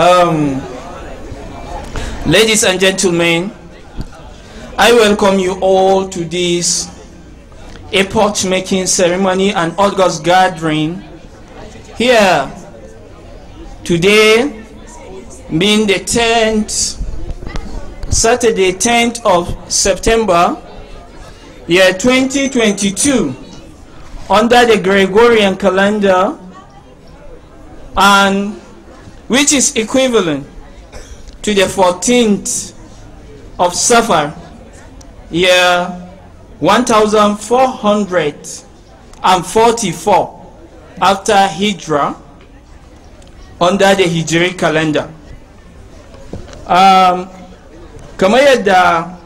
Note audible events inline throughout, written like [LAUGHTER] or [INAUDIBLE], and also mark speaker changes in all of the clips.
Speaker 1: Um, ladies and gentlemen, I welcome you all to this epoch making ceremony and August gathering here today, being the 10th, Saturday, 10th of September, year 2022, under the Gregorian calendar and which is equivalent to the 14th of Safar, year 1444 after Hijra under the Hijri calendar. Um, kamar yadda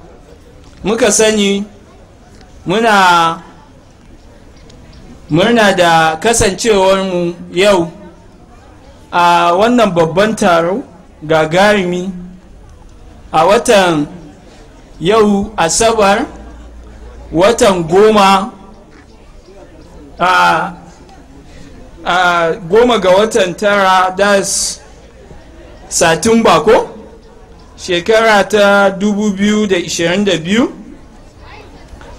Speaker 1: muka sani muna murna da kasancewarmu yau a wannan babban taro gagarumi a watan yau asabar watan goma a goma ga watan tara das satin bako shekara ta 2022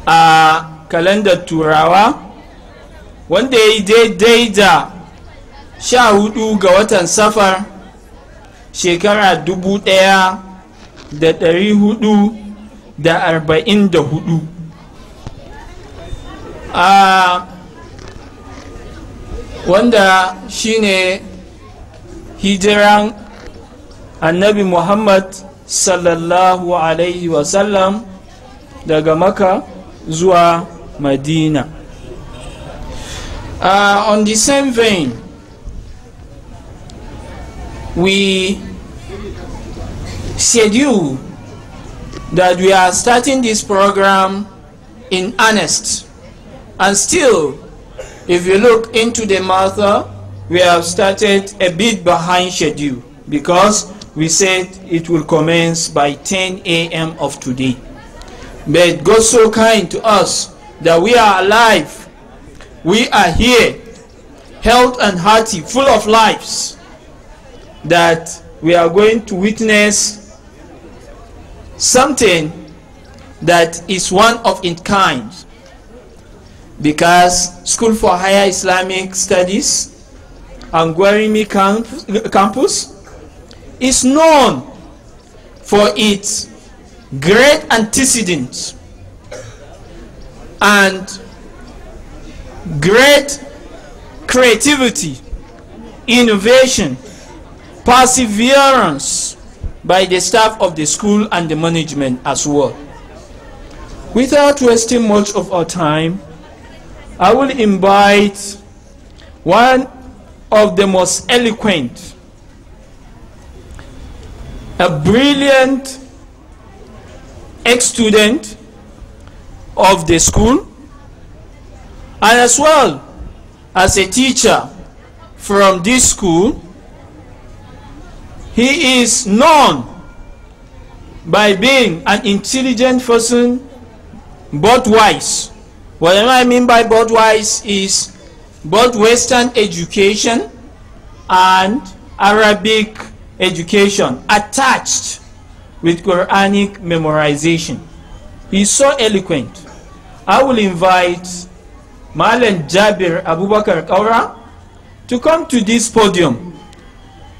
Speaker 1: a kalandar turawa wanda ya yi daidai da sha hudu ga watan safar shekara dubu ɗaya da ɗari hudu da arba'in da hudu wanda shine hijiran annabi muhammad sallallahu alaihi wasallam daga maka zuwa madina uh, on the same vein we schedule that we are starting this program in earnest. And still, if you look into the matter, uh, we have started a bit behind schedule because we said it will commence by 10 a.m. of today. But God so kind to us that we are alive, we are here, health and hearty, full of lives that we are going to witness something that is one of its kind because School for Higher Islamic Studies and Guarimi camp campus is known for its great antecedents and great creativity, innovation, perseverance by the staff of the school and the management as well. Without wasting much of our time, I will invite one of the most eloquent, a brilliant ex-student of the school, and as well as a teacher from this school, he is known by being an intelligent person, but wise. What I mean by but wise is both Western education and Arabic education attached with Quranic memorization. He's so eloquent. I will invite Malen Jabir Abubakar Kaura to come to this podium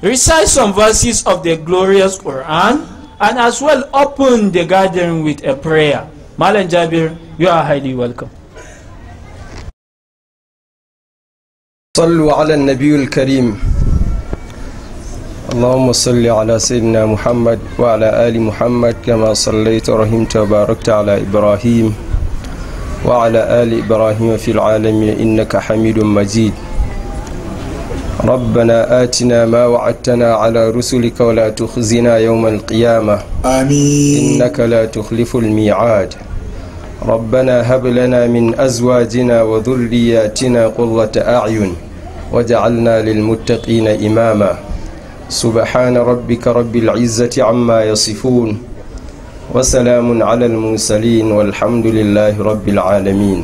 Speaker 1: recite some verses of the glorious Quran, and as well open the gathering with a prayer. Malan Jabir, you are highly welcome.
Speaker 2: صلوا على النبي الكريم اللهم صل على سيدنا محمد وعلى آل محمد كما صليت ورحمت وباركت على إبراهيم وعلى آل إبراهيم في العالمين إنك حميد مجيد ربنا آتنا ما وعدتنا على رسلك ولا تخزنا يوم القيامة آمين إنك لا تخلف الميعاد ربنا هب لنا من أزواجنا وذرياتنا قرة أعين وجعلنا للمتقين إماما سبحان ربك رب العزة عما يصفون وسلام على المرسلين والحمد لله رب العالمين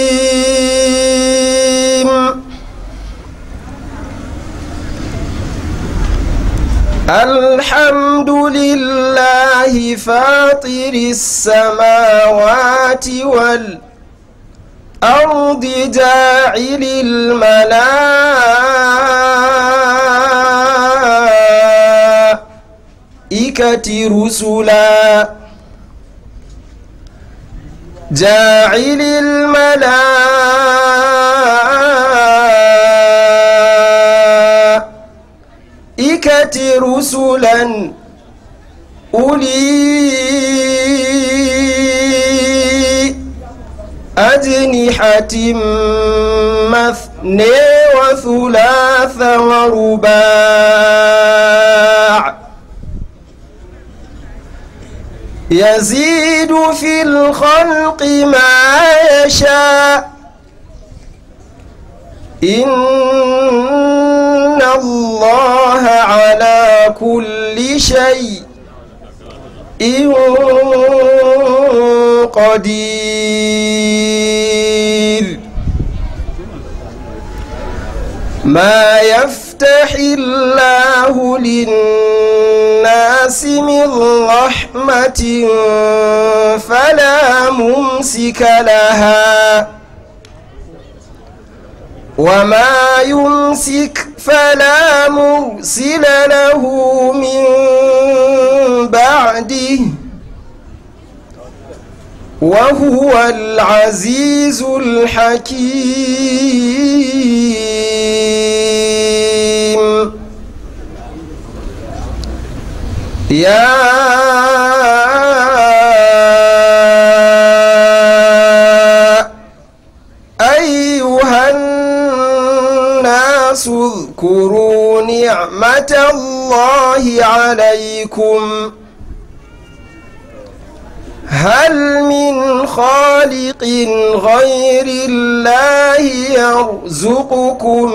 Speaker 2: الحمد لله فاطر السماوات والأرض جاعل الملائكة رسلا جاعل الملائكة رسلا أولي أجنحة مثني وثلاث ورباع يزيد في الخلق ما يشاء إن إن الله على كل شيء قدير ما يفتح الله للناس من رحمة فلا ممسك لها وما يمسك فلا مرسل له من بعده وهو العزيز الحكيم يا أيها الناس واذكروا نعمة الله عليكم هل من خالق غير الله يرزقكم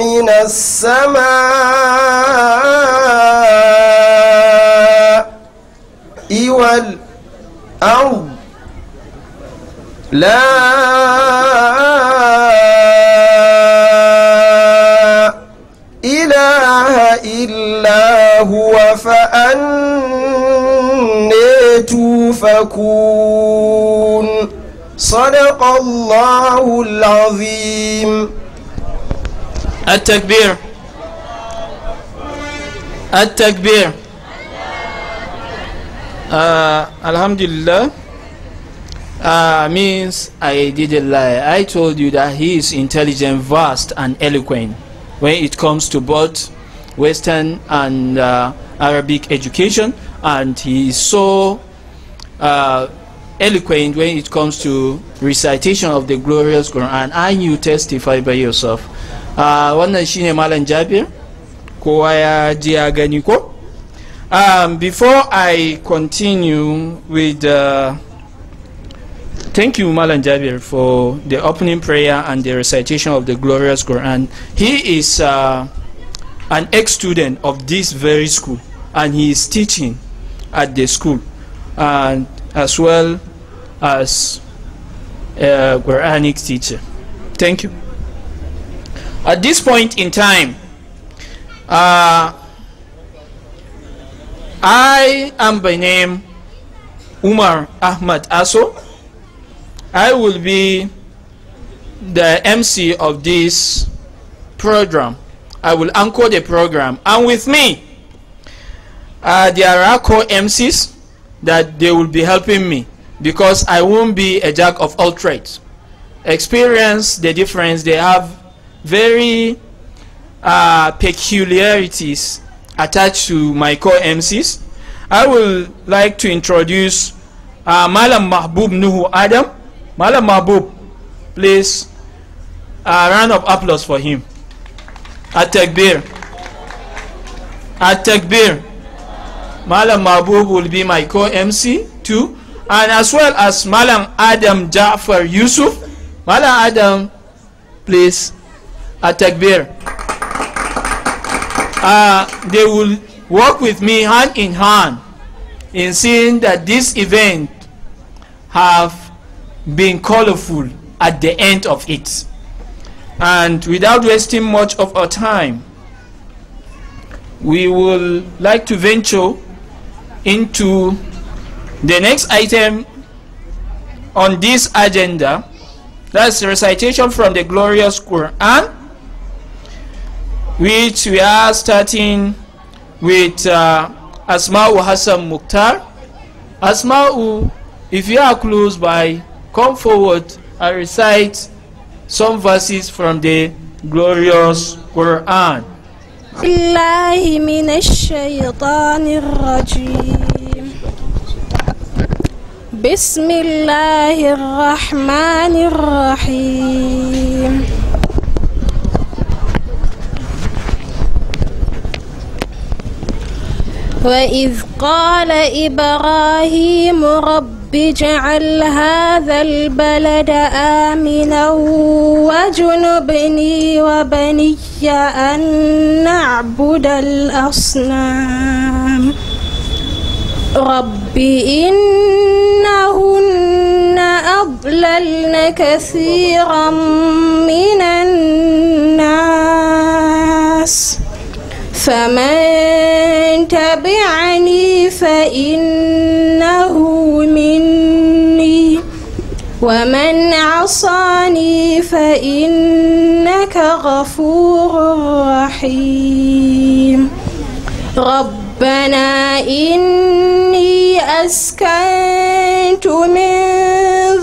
Speaker 2: من السماء والأرض لا إلا هو فأني توفكون صدق الله
Speaker 1: العظيم التكبير التكبير uh, Alhamdulillah uh, means I didn't lie. I told you that he is intelligent, vast, and eloquent when it comes to both Western and uh, Arabic education, and he is so uh, eloquent when it comes to recitation of the glorious Quran. And you testify by yourself. Uh, wannan shine Malam Jabir, kowa ya ji ya gani ko? Um, before I continue with uh, Thank you, Malan Jabir, for the opening prayer and the recitation of the glorious Quran. He is uh, an ex-student of this very school and he is teaching at the school and as well as a Quranic teacher. Thank you. At this point in time, uh, I am by name Umar Ahmad Aso. I will be the MC of this program. I will anchor the program. And with me, uh, there are co-MCs that they will be helping me because I won't be a jack of all trades. Experience the difference. They have very uh, peculiarities attached to my co-MCs. I would like to introduce uh, Malam Mahbub Nuhu Adam. Malam Mahbub, please, a uh, round of applause for him. Atakbir, Atakbir. Malam Mabu will be my co-MC too. And as well as Malam Adam Jafar Yusuf. Malam Adam, please. Atakbir. takbir Uh, they will work with me hand in hand in seeing that this event have been colorful at the end of it. And without wasting much of our time, we will like to venture into the next item on this agenda. That's recitation from the glorious Quran, which we are starting with uh, Asma'u Hassan Mukhtar. Asma'u, if you are close by, come forward and recite some verses from the glorious Quran. بالله
Speaker 3: من الشيطان الرجيم بسم الله الرحمن الرحيم وإذ قال إبراهيم رب اجعل هذا البلد آمنا واجنبني وبني أن نعبد الأصنام رب إنهن أضللن كثيرا من الناس فمن تبعني فإنه مني ومن عصاني فإنك غفور رحيم رب ربنا إني أسكنت من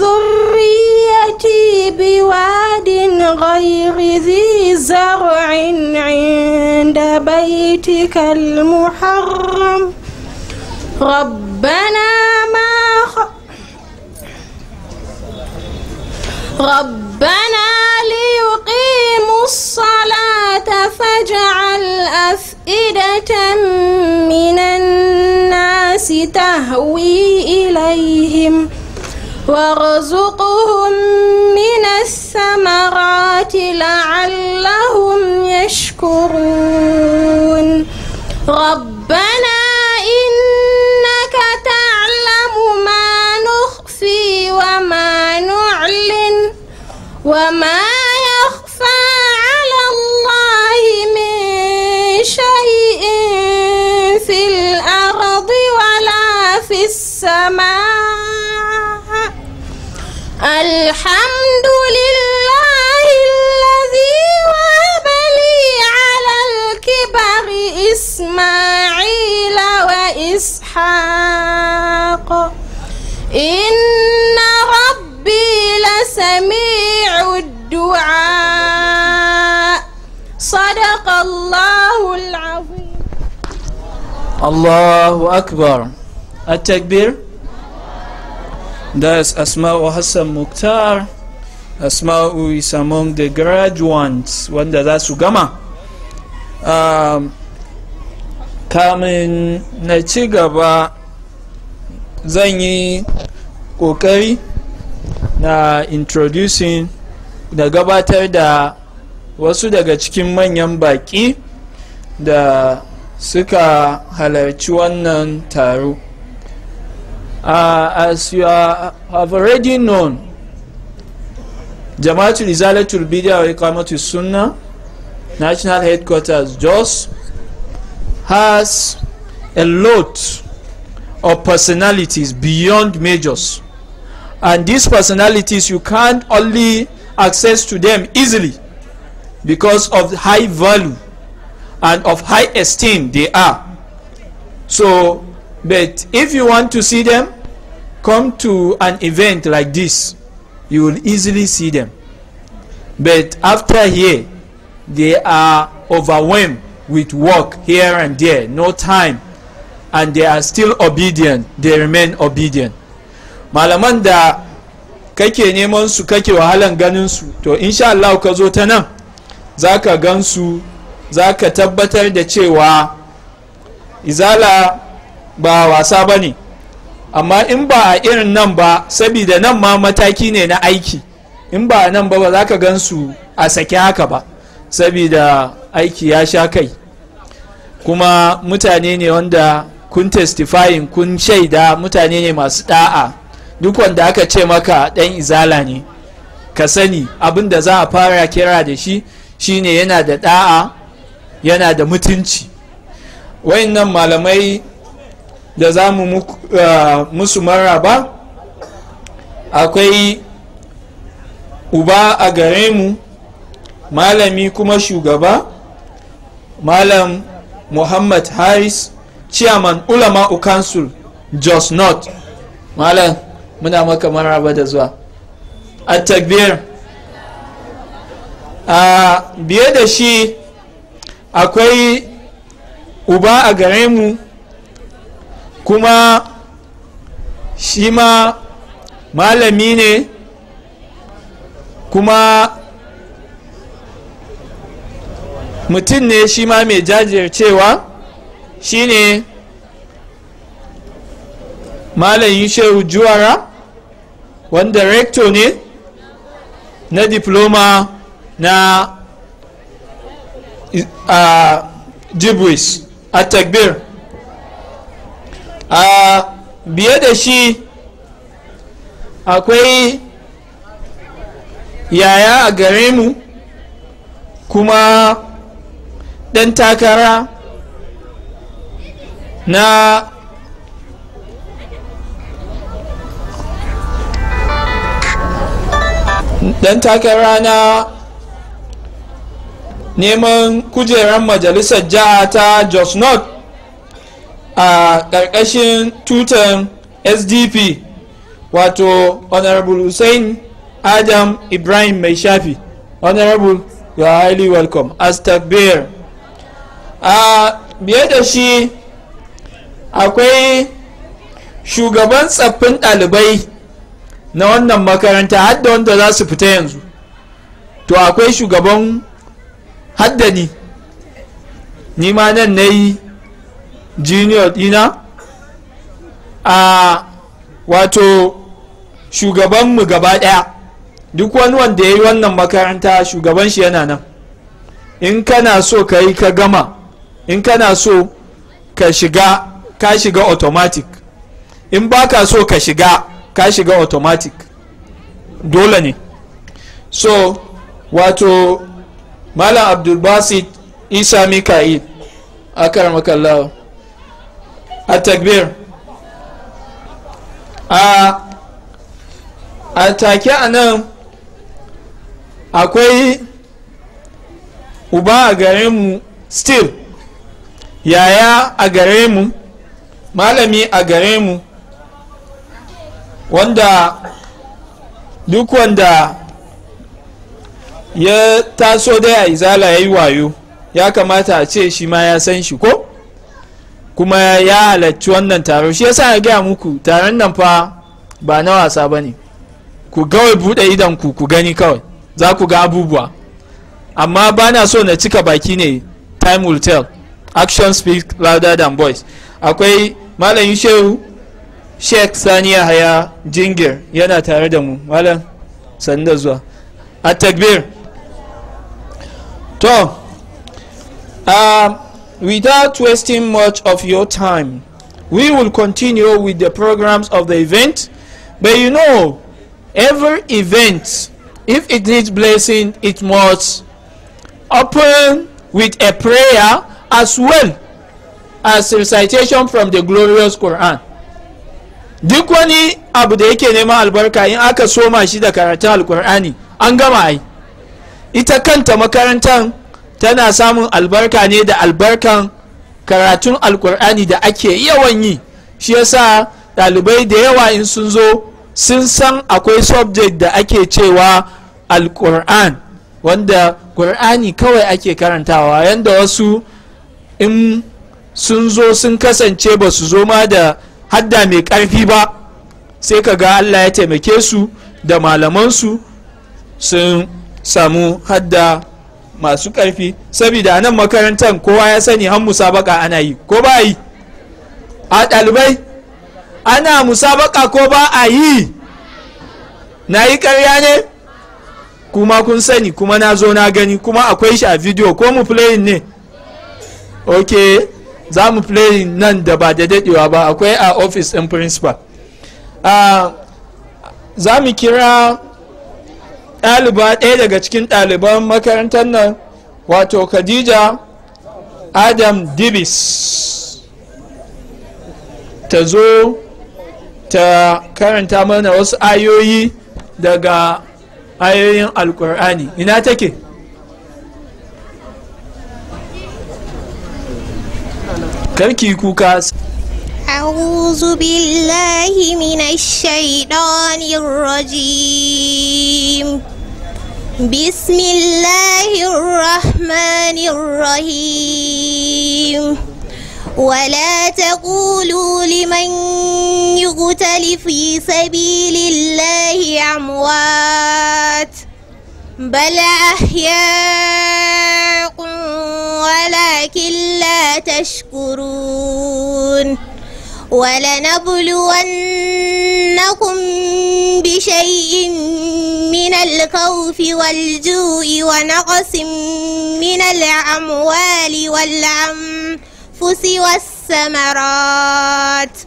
Speaker 3: ذريتي بواد غير ذي زرع عند بيتك المحرم ربنا ما خ... ربنا ليقيموا الصلاة فاجعل أفئدة من الناس تهوي إليهم وارزقهم من الثمرات لعلهم يشكرون ربنا إنك تعلم ما نخفي وما نعلن وما السماء الحمد لله الذي وهب لي على الكبر إسماعيل وإسحاق إن ربي لسميع الدعاء صدق الله العظيم
Speaker 1: الله أكبر التكبير That is Asma'u Hassan Mukhtar Asma'u is among the graduates wanda za su gama um, kamin na ci gaba zan yi kokari na introducing da gabatar da wasu daga cikin manyan baki da suka halarci wannan taro uh, as you are, have already known, Jamaatul Izalatul Bidya Iqamatul Sunnah, national headquarters, JOS, has a lot of personalities beyond majors. And these personalities, you can't only access to them easily because of high value and of high esteem they are. So, but if you want to see them, come to an event like this you will easily see them but after here they are overwhelmed with work here and there no time and they are still obedient they remain obedient malaman da kake neman su kake wahalan ganin su to insha Allah ka zo ta nan zaka ka gan su za tabbatar da cewa izala ba wasa bane amma in ba a irin nan ba sabida nan ma mataki ne na aiki in ba nan ba ba za ka gan su a sake haka ba sabida aiki ya sha kai kuma mutane ne wanda kun testifying kun shaida mutane ne masu da'a duk wanda aka ce maka dan izala ne ka sani abin da za a fara kira da shi shine yana da da'a yana da mutunci wayannan malamai da za mu eh, musu maraba akwai uba a gare mu malami kuma shugaba malam muhammad harris chairman ulama council jos not. malam muna maka maraba da zuwa a takbir a biye da shi akwai uba a gare mu kuma shi ma malami ne kuma mutum ne shi ma mai jajircewa shi ne malayin shehu juwara wanda recto ne na diploma na a uh, jibris a takbir a biye da shi akwai yaya a gare mu kuma ɗan takara na ɗan takara na neman kujerar majalisar jiha ta jos north a ƙarƙashin tutan sdp wato honorable hussein adam ibrahim mai shafi honorable you are highly welcome as a biye da shi akwai shugaban tsaffin ɗalibai na wannan makaranta hadda wanda za su fita yanzu to akwai shugaban haddani ni ma nan na yi junior dina a wato shugabanmu gaba daya duk wani wanda ya yi wannan makaranta shugaban shi yana nan in kana so ka ka gama in kana so ka shiga ka shiga automatic in ba so ka shiga ka shiga automatic dole ne so wato malam abdulbasit isa mika'il akar at-takbir a a take a nan akwai uba a gare mu still yaya a gare mu malami a gare mu wanda duk wanda ya taso dai a izala ya yi wayo ya kamata a ce shi ma ya san shi ko kuma ya halarci wannan taro shi yasa ya gaya muku taron nan fa ba na wasa ba ne ku gawai buɗe idan ku ku gani kawai za ku ga abubuwa amma ba na so na cika baki ne time will tell action speak louder than voice akwai malam shehu sani ya haya jingir yana tare da mu malam sanda zuwa a takbir to ah, Without wasting much of your time, we will continue with the programs of the event. But you know, every event, if it needs blessing, it must open with a prayer as well as recitation from the glorious Quran. Duk wani abu da yake neman albarka in aka soma shi da karatun alkur'ani an gama ai. Ita kanta makarantar tana samun albarka ne da albarkan karatun alkur'ani da ake yawan yi shi yasa ɗalibai da yawa in sun zo sun san akwai subject da ake cewa alkur'an wanda kur'ani kawai ake karantawa yadda wasu in sun zo sun kasance ba su zo ma da hadda mai ƙarfi ba sai ka ga allah ya taimake su da malamansu sun samu hadda masu ƙarfi saboda nan makarantar kowa ya sani han musabaka ana yi ko ba yi a ɗalibai ana musabaka ko ba a yi na yi karya ne kuma kun sani kuma na zo na gani kuma akwai shi a video ko mu playin ne ok za mu playin nan da ba da daɗewa ba akwai a ofis ɗin principal ah, za mu kira ɗaliba ɗaya daga cikin ɗaliban makarantar nan wato khadija adam dibis ta zo ta karanta mana wasu ayoyi daga ayoyin alkur'ani ina take karki kuka
Speaker 4: أعوذ بالله من الشيطان الرجيم بسم الله الرحمن الرحيم ولا تقولوا لمن يقتل في سبيل الله أموات بل أحياء ولكن لا تشكرون ولنبلونكم بشيء من الخوف والجوع ونقص من الأموال والأنفس والثمرات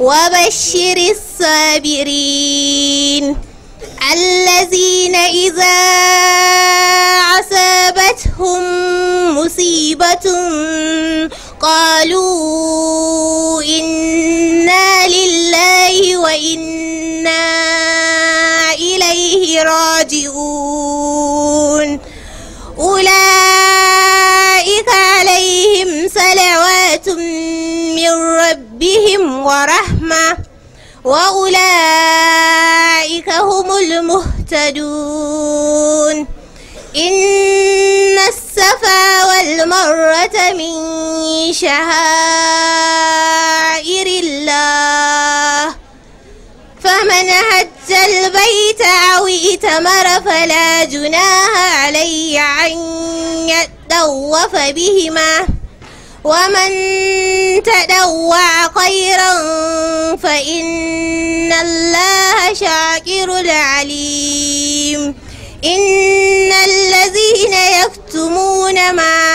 Speaker 4: وبشر الصابرين الذين إذا أصابتهم مصيبة قالوا إنا لله وإنا إليه راجعون أولئك عليهم صلوات من ربهم ورحمة وأولئك هم المهتدون إن السفا والمرة من شعائر الله فمن هج البيت أو ائتمر فلا جناه عليه أن يتوف بهما ومن تدوع خيرا فإن الله شاكر عليم إن الذين يكتمون ما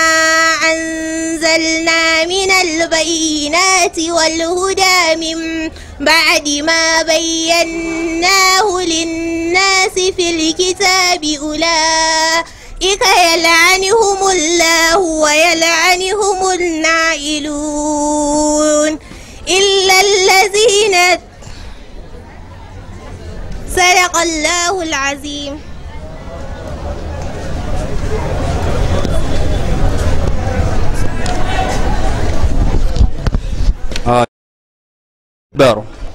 Speaker 4: أنزلنا من البينات والهدى من بعد ما بيناه للناس في الكتاب أولئك يلعنهم الله ويلعنهم النائلون إلا الذين صدق الله العظيم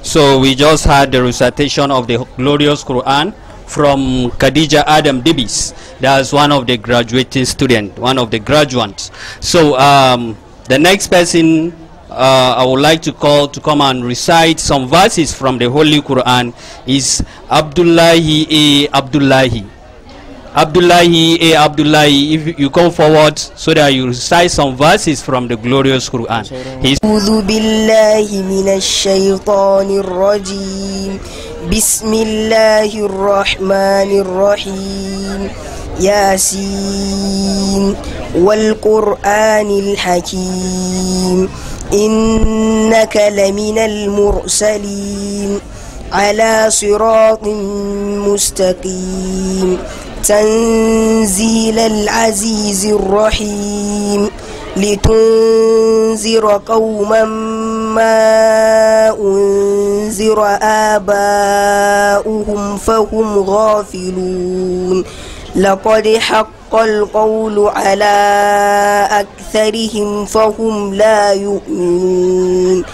Speaker 1: So we just had the recitation of the glorious Quran from Khadija Adam Dibis. That's one of the graduating student, one of the graduates. So um, the next person uh, I would like to call to come and recite some verses from the Holy Quran is Abdullahi A. Abdullahi. Abdullahi A. Abdullahi, if you come forward so that you recite some verses from the glorious Quran.
Speaker 5: أعوذ بالله من الشيطان الرجيم بسم الله الرحمن الرحيم ياسين والقرآن الحكيم إنك لمن المرسلين على صراط مستقيم تنزيل العزيز الرحيم لتنذر قوما ما أنذر آباؤهم فهم غافلون لقد حق القول على أكثرهم فهم لا يؤمنون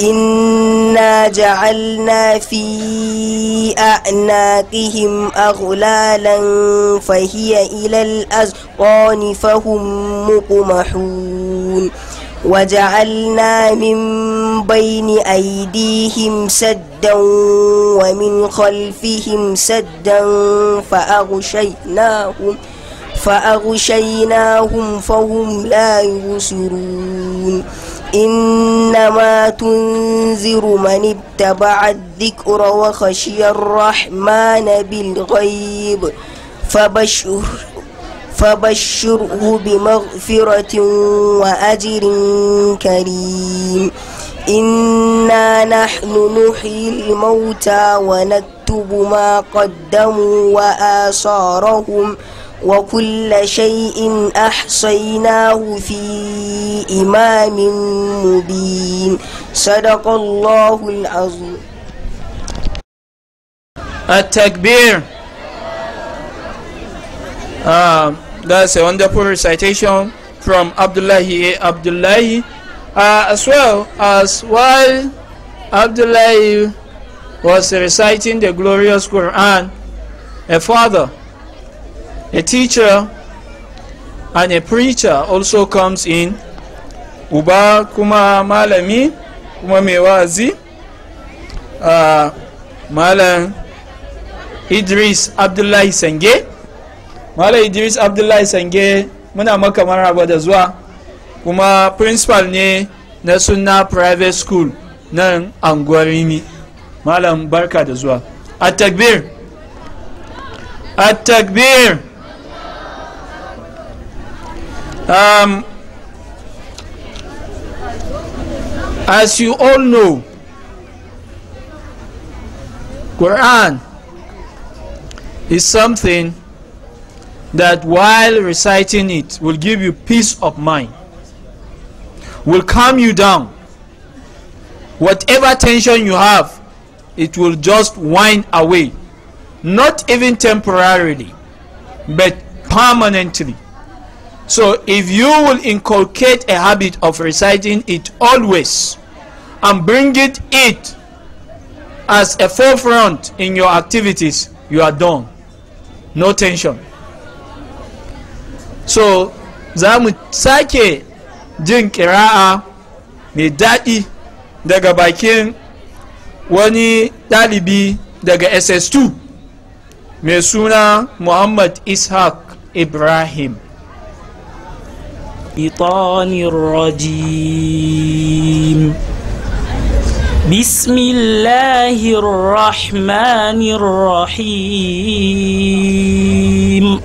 Speaker 5: إنا جعلنا في أعناقهم أغلالا فهي إلى الأذقان فهم مقمحون وجعلنا من بين أيديهم سدا ومن خلفهم سدا فأغشيناهم فأغشيناهم فهم لا يبصرون إنما تنذر من اتبع الذكر وخشي الرحمن بالغيب فبشر فبشره بمغفرة وأجر كريم إنا نحن نحيي الموتى ونكتب ما قدموا وآثارهم ۖ وكل شيء أحصيناه في إمام مبين صدق الله العظيم
Speaker 1: التكبير uh, that's a wonderful recitation from Abdullahi Abdullahi uh, as well as while Abdullahi was reciting the glorious Quran a father A teacher and a preacher also comes in. Uba kuma malami kuma mai wazi. Uh, Malam Idris Abdullahi Sange. Malam Idris Abdullahi Sange muna maka maraba da zuwa kuma principal ne na sunna private school nan anguwar malam barka da zuwa at takbir at takbir Um, as you all know, Quran is something that while reciting it will give you peace of mind, will calm you down. Whatever tension you have, it will just wind away. Not even temporarily, but permanently. So if you will inculcate a habit of reciting it always and bring it it as a forefront in your activities, you are done. No tension. So zami sake jin kira'a mai daɗi daga bakin wani ɗalibi daga SS2 mai suna Muhammad Ishaq Ibrahim. الشيطان الرجيم
Speaker 6: بسم الله الرحمن الرحيم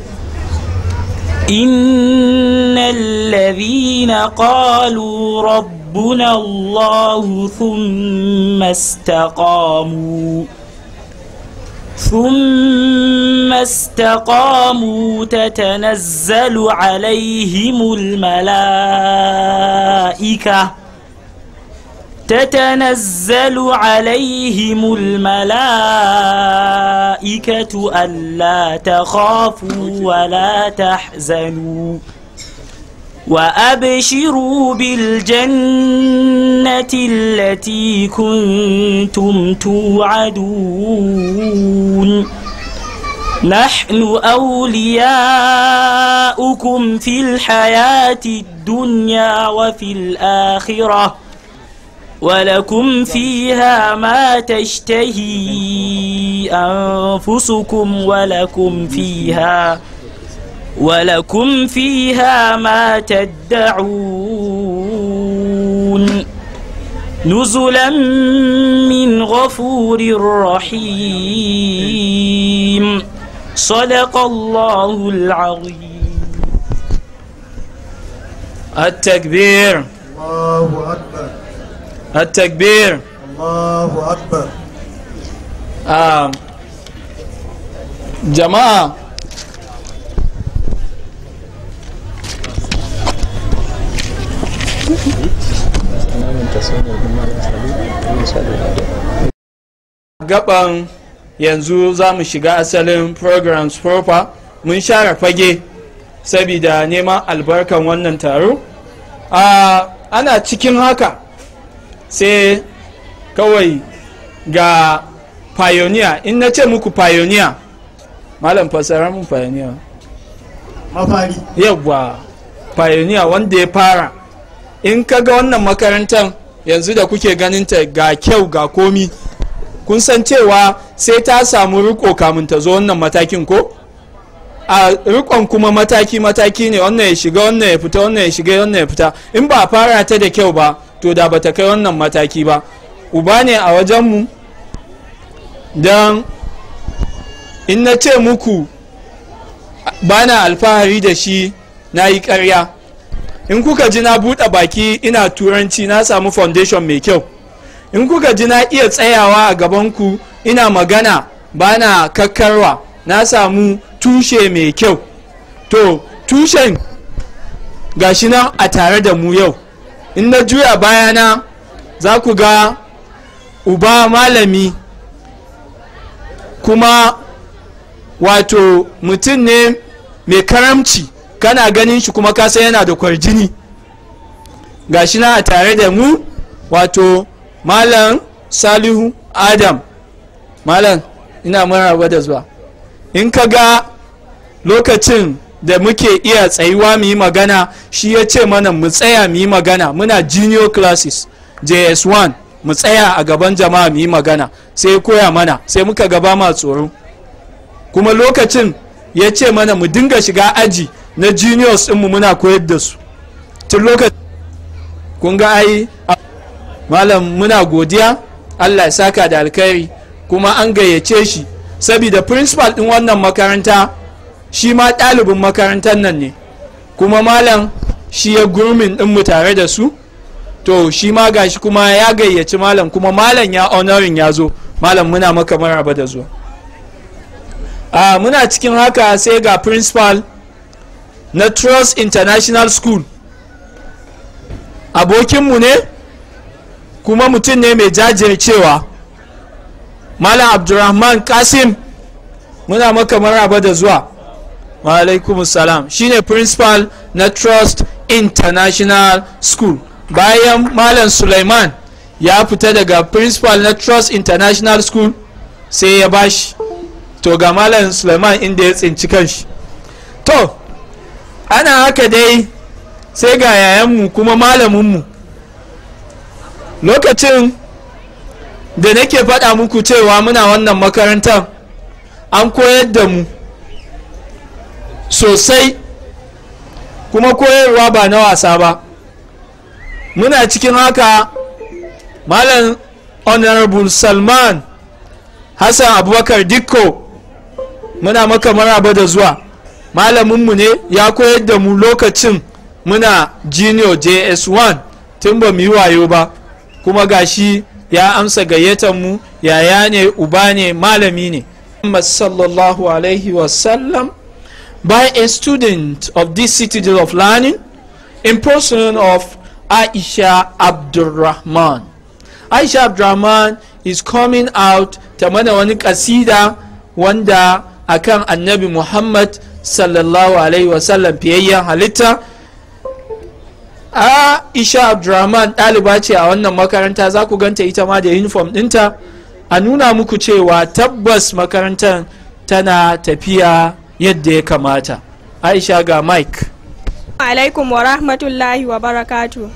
Speaker 6: إن الذين قالوا ربنا الله ثم استقاموا ثم استقاموا تتنزل عليهم الملائكة تتنزل عليهم الملائكة ألا تخافوا ولا تحزنوا وأبشروا بالجنة التي كنتم توعدون نحن أولياؤكم في الحياة الدنيا وفي الآخرة ولكم فيها ما تشتهي أنفسكم ولكم فيها ما ولكم فيها ما تدعون نزلا من غفور رحيم صدق الله العظيم
Speaker 1: التكبير
Speaker 2: الله أكبر
Speaker 1: التكبير
Speaker 2: الله أكبر
Speaker 1: آه. جماعة gaban yanzu za mu shiga asalin programs proper mun share fage sabida neman albarkan wannan taro ana cikin haka sai kawai ga pioneer in na ce muku pioneer malam fasara mun pioneer mafari yabwa pioneer wanda ya fara in ka ga wannan makarantar yanzu da kuke ganinta ga kyau ga komi kun san cewa sai ta samu riko kamun ta zo wannan matakin ko a rikon kuma mataki-mataki ne wannan ya shiga wannan ya fita wannan ya shiga wannan ya fita in ba fara ta da kyau ba to da bata kai wannan mataki ba uba ne a wajenmu don in na ce muku bana alfahari da shi na yi karya in kuka ji na buɗe baki ina turanci na samu foundation mai kyau in kuka ji na iya tsayawa a gabanku ina magana ba na kakkarwa na samu tushe mai kyau to tushen gashi nan a tare da mu yau in na juya bayana za ku ga uba malami kuma wato mutum ne mai karamci kana ganin shi kuma ka san yana da kwarjini ga shi na a tare da mu wato malam salihu adam malam ina da zuwa in ka ga lokacin da muke iya tsayuwa mu yi magana shi ya ce mana mu tsaya mu yi magana muna junior classes js1 mu tsaya a gaban jama'a mu yi magana sai koya mana sai muka gaba ma tsoro kuma lokacin ya ce mana mu dinga shiga aji na juniors ɗinmu muna koyar da su tun lokacin kun ga ai malam muna godiya allah ya saka da alkhairi kuma an gayyace shi saboda principal ɗin wannan makaranta shi ma ɗalibin makarantar nan ne kuma malam shi ya gurmin mu tare da su to shi ma gashi kuma ya gayyaci malam kuma malam ya honorin ya zo malam muna maka maraba da zuwa ah, muna cikin haka sai ga principal na trust international school abokinmu ne kuma mutum ne mai jajircewa malam abdulrahman kasim muna maka maraba da zuwa salam shine principal na trust international school bayan malam suleiman ya fita daga principal na trust international school sai ya bashi to ga malam suleiman inda ya tsinci kanshi to ana haka dai sai ga yayanmu kuma malaminmu lokacin da nake faɗa muku cewa muna wannan makarantar an koyar da mu sosai kuma koyarwa ba na wasa ba muna cikin haka malam honorable salman hassan abubakar dikko muna maka maraba da zuwa malaminmu ne ya koyar da mu lokacin muna junior js1 tun ba mu yi wayo ba kuma gashi ya amsa gayyatar mu yaya ne uba ne malami ne sallallahu alaihi wasallam by a student of this city of learning in person of Aisha Abdurrahman Aisha Abdurrahman is coming out ta mana wani kasida wanda akan annabi Muhammad sallallahu alaihi wasallam fiyayyen halitta isha abdurrahman ɗaliba ce a wannan makaranta za ku ganta ita ma da uniform ɗinta a nuna muku cewa tabbas makarantar tana tafiya yadda ya kamata aisha ga mike
Speaker 7: alaikum wa rahmatullahi wa barakatu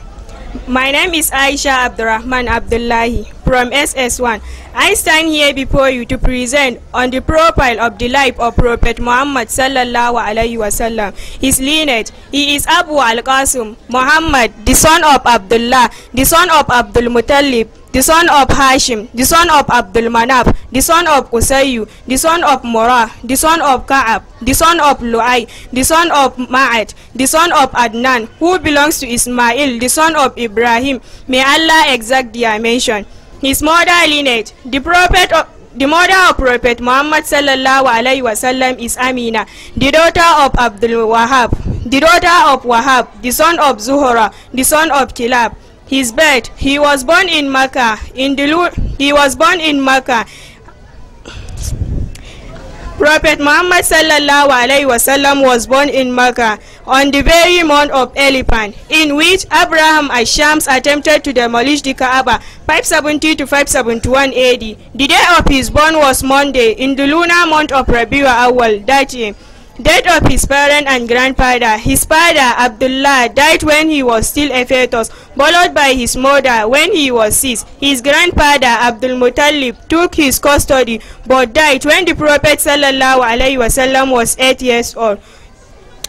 Speaker 7: My name is Aisha Abdurrahman Abdullahi from SS1. I stand here before you to present on the profile of the life of Prophet Muhammad sallallahu alaihi wasallam. His lineage, he is Abu al-Qasim Muhammad, the son of Abdullah, the son of Abdul Muttalib, the son of Hashim, the son of Abdulmanaf, the son of Usayyu, the son of Morah, the son of Ka'ab, the son of Lu'ai, the son of Ma'at, the son of Adnan, who belongs to Ismail, the son of Ibrahim. May Allah exact their mention. His mother lineage, the prophet of the mother of Prophet Muhammad sallallahu alaihi wasallam is Amina, the daughter of Abdul Wahab, the daughter of Wahab, the son of Zuhra, the son of Kilab, His birth. He was born in Mecca. In the he was born in Mecca. Prophet Muhammad sallallahu alaihi wasallam was born in Mecca on the very month of Elipan, in which Abraham Ashams attempted to demolish the Kaaba 570 to 571 AD. The day of his born was Monday in the lunar month of Rabiul Awal that year. Death of his parents and grandfather. His father, Abdullah, died when he was still a fetus, followed by his mother when he was six. His grandfather, Abdul Muttalib, took his custody but died when the Prophet wasallam was eight years old.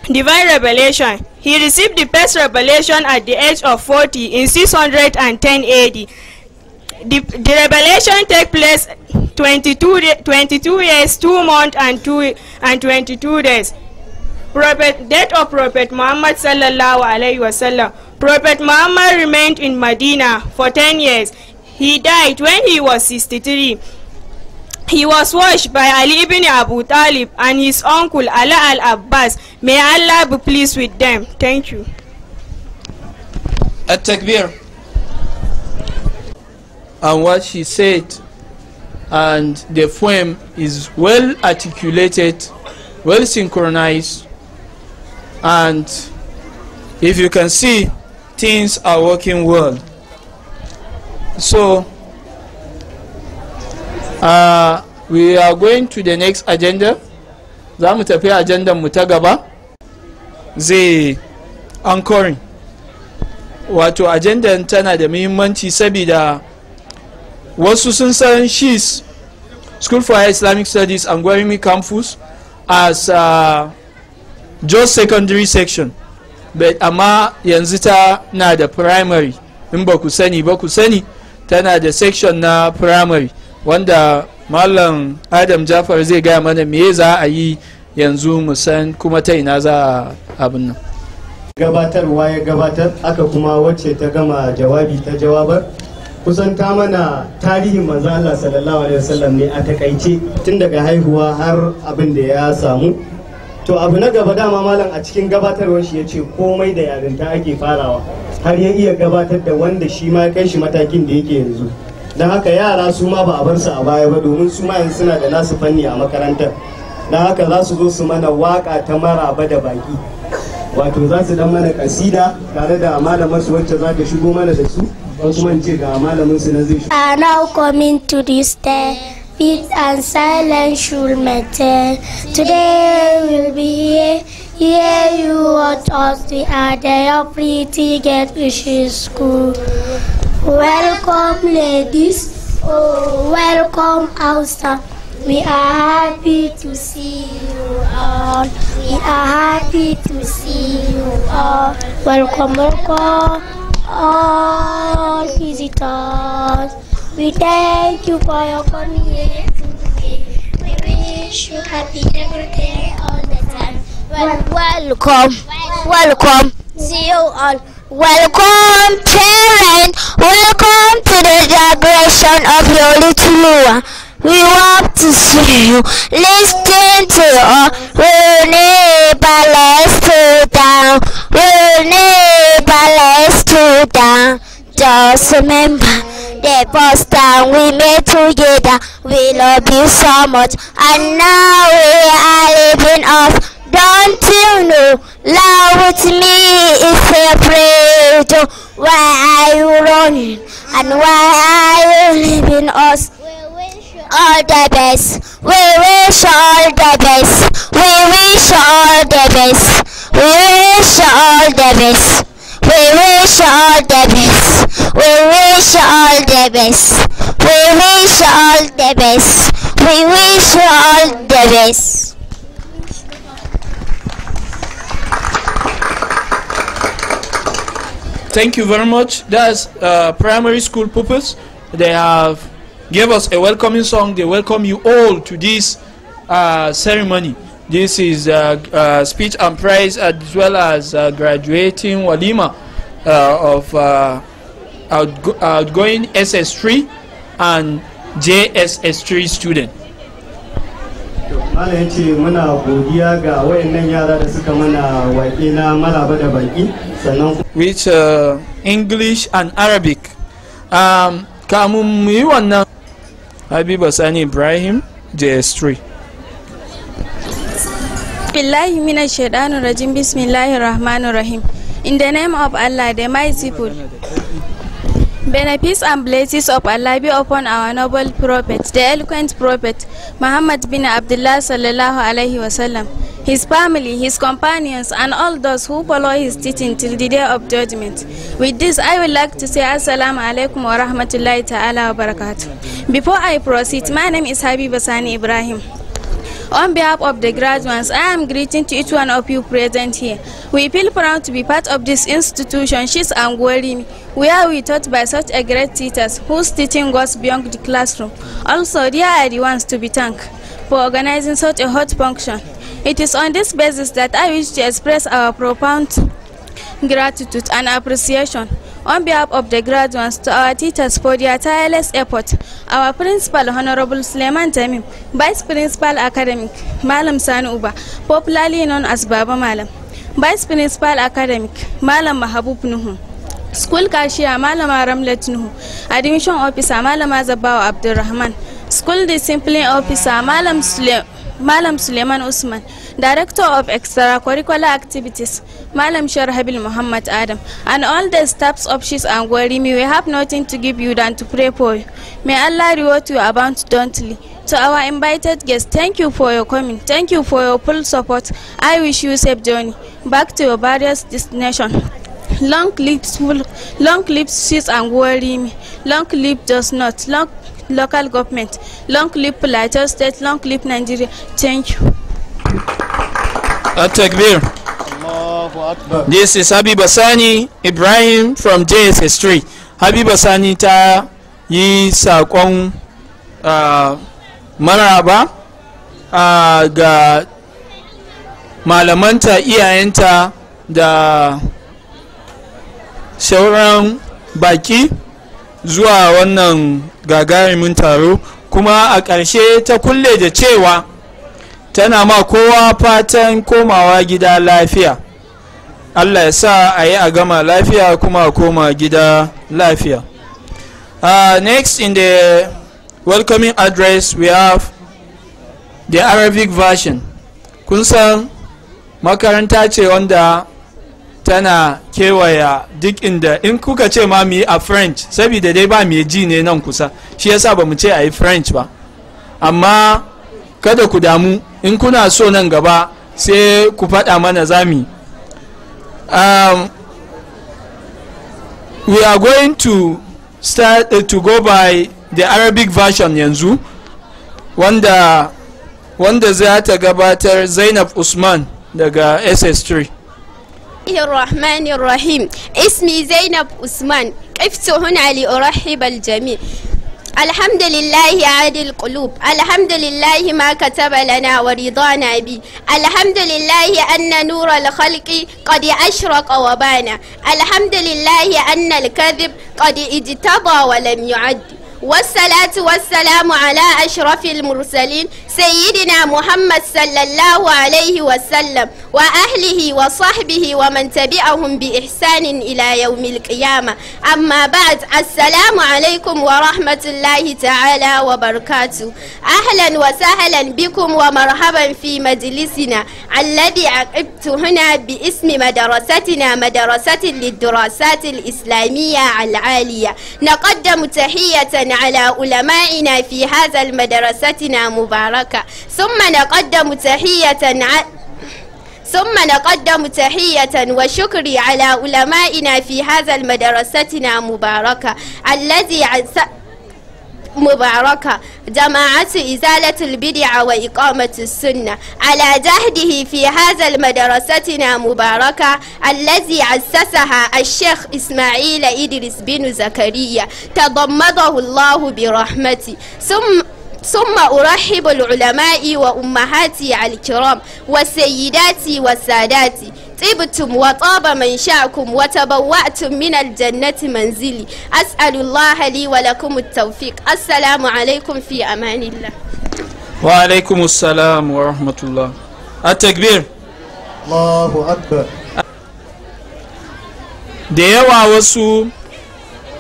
Speaker 7: Divine Revelation He received the first revelation at the age of 40 in 610 AD. The, the revelation takes place 22, 22 years, 2 months, and, two, and 22 days. Prophet, death of Prophet Muhammad sallallahu alaihi wasallam. Prophet Muhammad remained in Medina for 10 years. He died when he was 63. He was washed by Ali ibn Abu Talib and his uncle Ala al-Abbas. May Allah be pleased with them. Thank you. At takbir.
Speaker 1: And what she said and the poem is well articulated, well synchronized, and if you can see, things are working well. So, uh, we are going to the next agenda. Za mu agenda mu ta gaba zai anchoring. Wato, agenda tana da muhimmanci saboda wasu sun san shis school for islamic studies and gwamnati campus as uh, just secondary section but amma yanzu ta na da primary in ba ku sani ba ku sani tana da section na primary wanda malam adam jafar zai gaya mana me za a yi yanzu musan kuma ta ina za a abin nan
Speaker 8: gabatarwa ya gabatar aka kuma wacce ta gama jawabi ta jawabar kusan ta mana tarihin manzo Allah sallallahu alaihi wasallam ne a takaice tun daga haihuwa har abin da ya samu to abu na gaba dama malam a cikin gabatarwar shi ya komai da yarinta ake farawa har ya iya gabatar da wanda shi ma kai shi matakin da yake yanzu dan haka yara su ma ba a bar su a baya ba domin su ma yanzu suna da nasu fanni a makarantar don haka za su zo su mana waka ta maraba da baki wato za su dan mana kasida tare da malamar su wacce za ta shigo mana da su are
Speaker 4: now coming to this day peace and silence should matter. Today we'll be here, Yeah, you what us the other pretty get wishes school. Welcome ladies, oh welcome Auster. We are happy to see you all. We are happy to see you all. Welcome, welcome all visitors. We thank you for your coming here today.
Speaker 9: We wish you happy every day all the time. Well,
Speaker 4: welcome,
Speaker 9: welcome. See you all. Welcome, parents. Welcome to the graduation of your little one. We want to see you listen to our Rooney Palace to down, Rooney Palace to down. Just remember the first time we met together, we loved you so much, and now we are living off. Don't you know, love with me is a freedom. Why are you running, and why are you leaving us? all the best. We wish all the best. We wish all the best. We wish all the best. We wish all the best. We wish all the best. We wish all the best. We wish
Speaker 1: all the best. Thank you very much. That's uh, primary school pupils. They have gave us a welcoming song. They welcome you all to this uh, ceremony. This is uh, uh, speech and praise as well as uh, graduating Walima uh, of uh, outgo outgoing SS3 and JSS3 student. Malam muna godiya ga wayannan yara da suka mana waƙe na malaba da baki sannan With English and Arabic. Um, kamun mu yi wannan habiba sani ibrahim js3
Speaker 10: billahi mina shaidanun rajim bismillahir rahmanir rahim in the name of allah the mighty people Benefits and blessings of Allah be upon our noble prophet, the eloquent prophet Muhammad bin Abdullah sallallahu wa sallam. his family, his companions, and all those who follow his teaching till the day of judgment. With this, I would like to say Assalamu alaikum wa rahmatullahi ta'ala wa barakatuh. Before I proceed, my name is Habib Basani Ibrahim. On behalf of the graduates, I am greeting to each one of you present here. We feel proud to be part of this institution, She's Angolini, where we taught by such a great teachers whose teaching goes beyond the classroom. Also, there are the ones to be thanked for organizing such a hot function. It is on this basis that I wish to express our profound gratitude and appreciation on behalf of the graduates to our teachers for their tireless effort, our principal Honorable Suleiman Tamim, Vice Principal Academic, Malam Sani Uba, popularly known as Baba Malam, Vice Principal Academic, Malam Mahabub Nuhu, School Cashier Malam Ramlet Nuhu, Admission Officer Malam Azabao Abdulrahman, School Discipline Officer Malam Malam Suleiman Usman, Director of Extracurricular Activities, Malam Sharhabil Muhammad Adam, and all the staffs of Shis and Gwarimi, we have nothing to give you than to pray for you. May Allah reward you abundantly. To our invited guests, thank you for your coming. Thank you for your full support. I wish you safe journey back to your various destination. Long live long lives Shis and Gwarimi. Long live does not. Long local government. Long live Plateau State. Long live Nigeria. Thank you.
Speaker 1: At takbir. This is Habib Ibrahim from JSS street Habib sani ta yi saƙon uh, maraba uh, ga malamanta iyayenta da sauran baki zuwa wannan gagarumin taro kuma a ƙarshe ta kulle da cewa tana ma kowa fatan komawa gida lafiya allah ya sa a yi a gama lafiya kuma a koma gida lafiya uh, next in the welcoming address we have the arabic version kun san makaranta ce wanda tana kewaya duk inda in kuka ce ma mu yi a french saboda dai ba mai ji ne nan kusa shi yasa ba mu ce a yi french ba amma kada ku damu in kuna so nan gaba sai ku faɗa mana zami um, we are going to start uh, to go by the arabic version yanzu wanda wanda za ta gabatar zainab usman daga ss3
Speaker 9: الرحمن الرحيم اسمي زينب عثمان قفت هنا لأرحب jami الحمد لله عاد القلوب الحمد لله ما كتب لنا ورضانا به الحمد لله أن نور الخلق قد أشرق وبانا الحمد لله أن الكذب قد اجتبى ولم يعد والصلاة والسلام على أشرف المرسلين سيدنا محمد صلى الله عليه وسلم وأهله وصحبه ومن تبعهم بإحسان إلى يوم القيامة أما بعد السلام عليكم ورحمة الله تعالى وبركاته أهلا وسهلا بكم ومرحبا في مجلسنا الذي عقبت هنا باسم مدرستنا مدرسة للدراسات الإسلامية العالية نقدم تحية على علمائنا في هذا المدرستنا مباركة ثم نقدم تحية ع... ثم نقدم تحية وشكري على علمائنا في هذا المدرستنا مباركة الذي عز... مباركة جماعة إزالة البدع وإقامة السنة على جهده في هذا المدرستنا مباركة الذي أسسها الشيخ إسماعيل إدريس بن زكريا تضمده الله برحمتي ثم ثم أرحب العلماء وأمهاتي الكرام وسيداتي وساداتي tibtum wa taba man wata bawa tabawwa'tum min aljannati manzili as'alu Allah li wa lakum at-tawfiq assalamu alaykum fi amanillah
Speaker 1: wa alaykum assalam wa rahmatullah at-takbir Allahu akbar da yawa wasu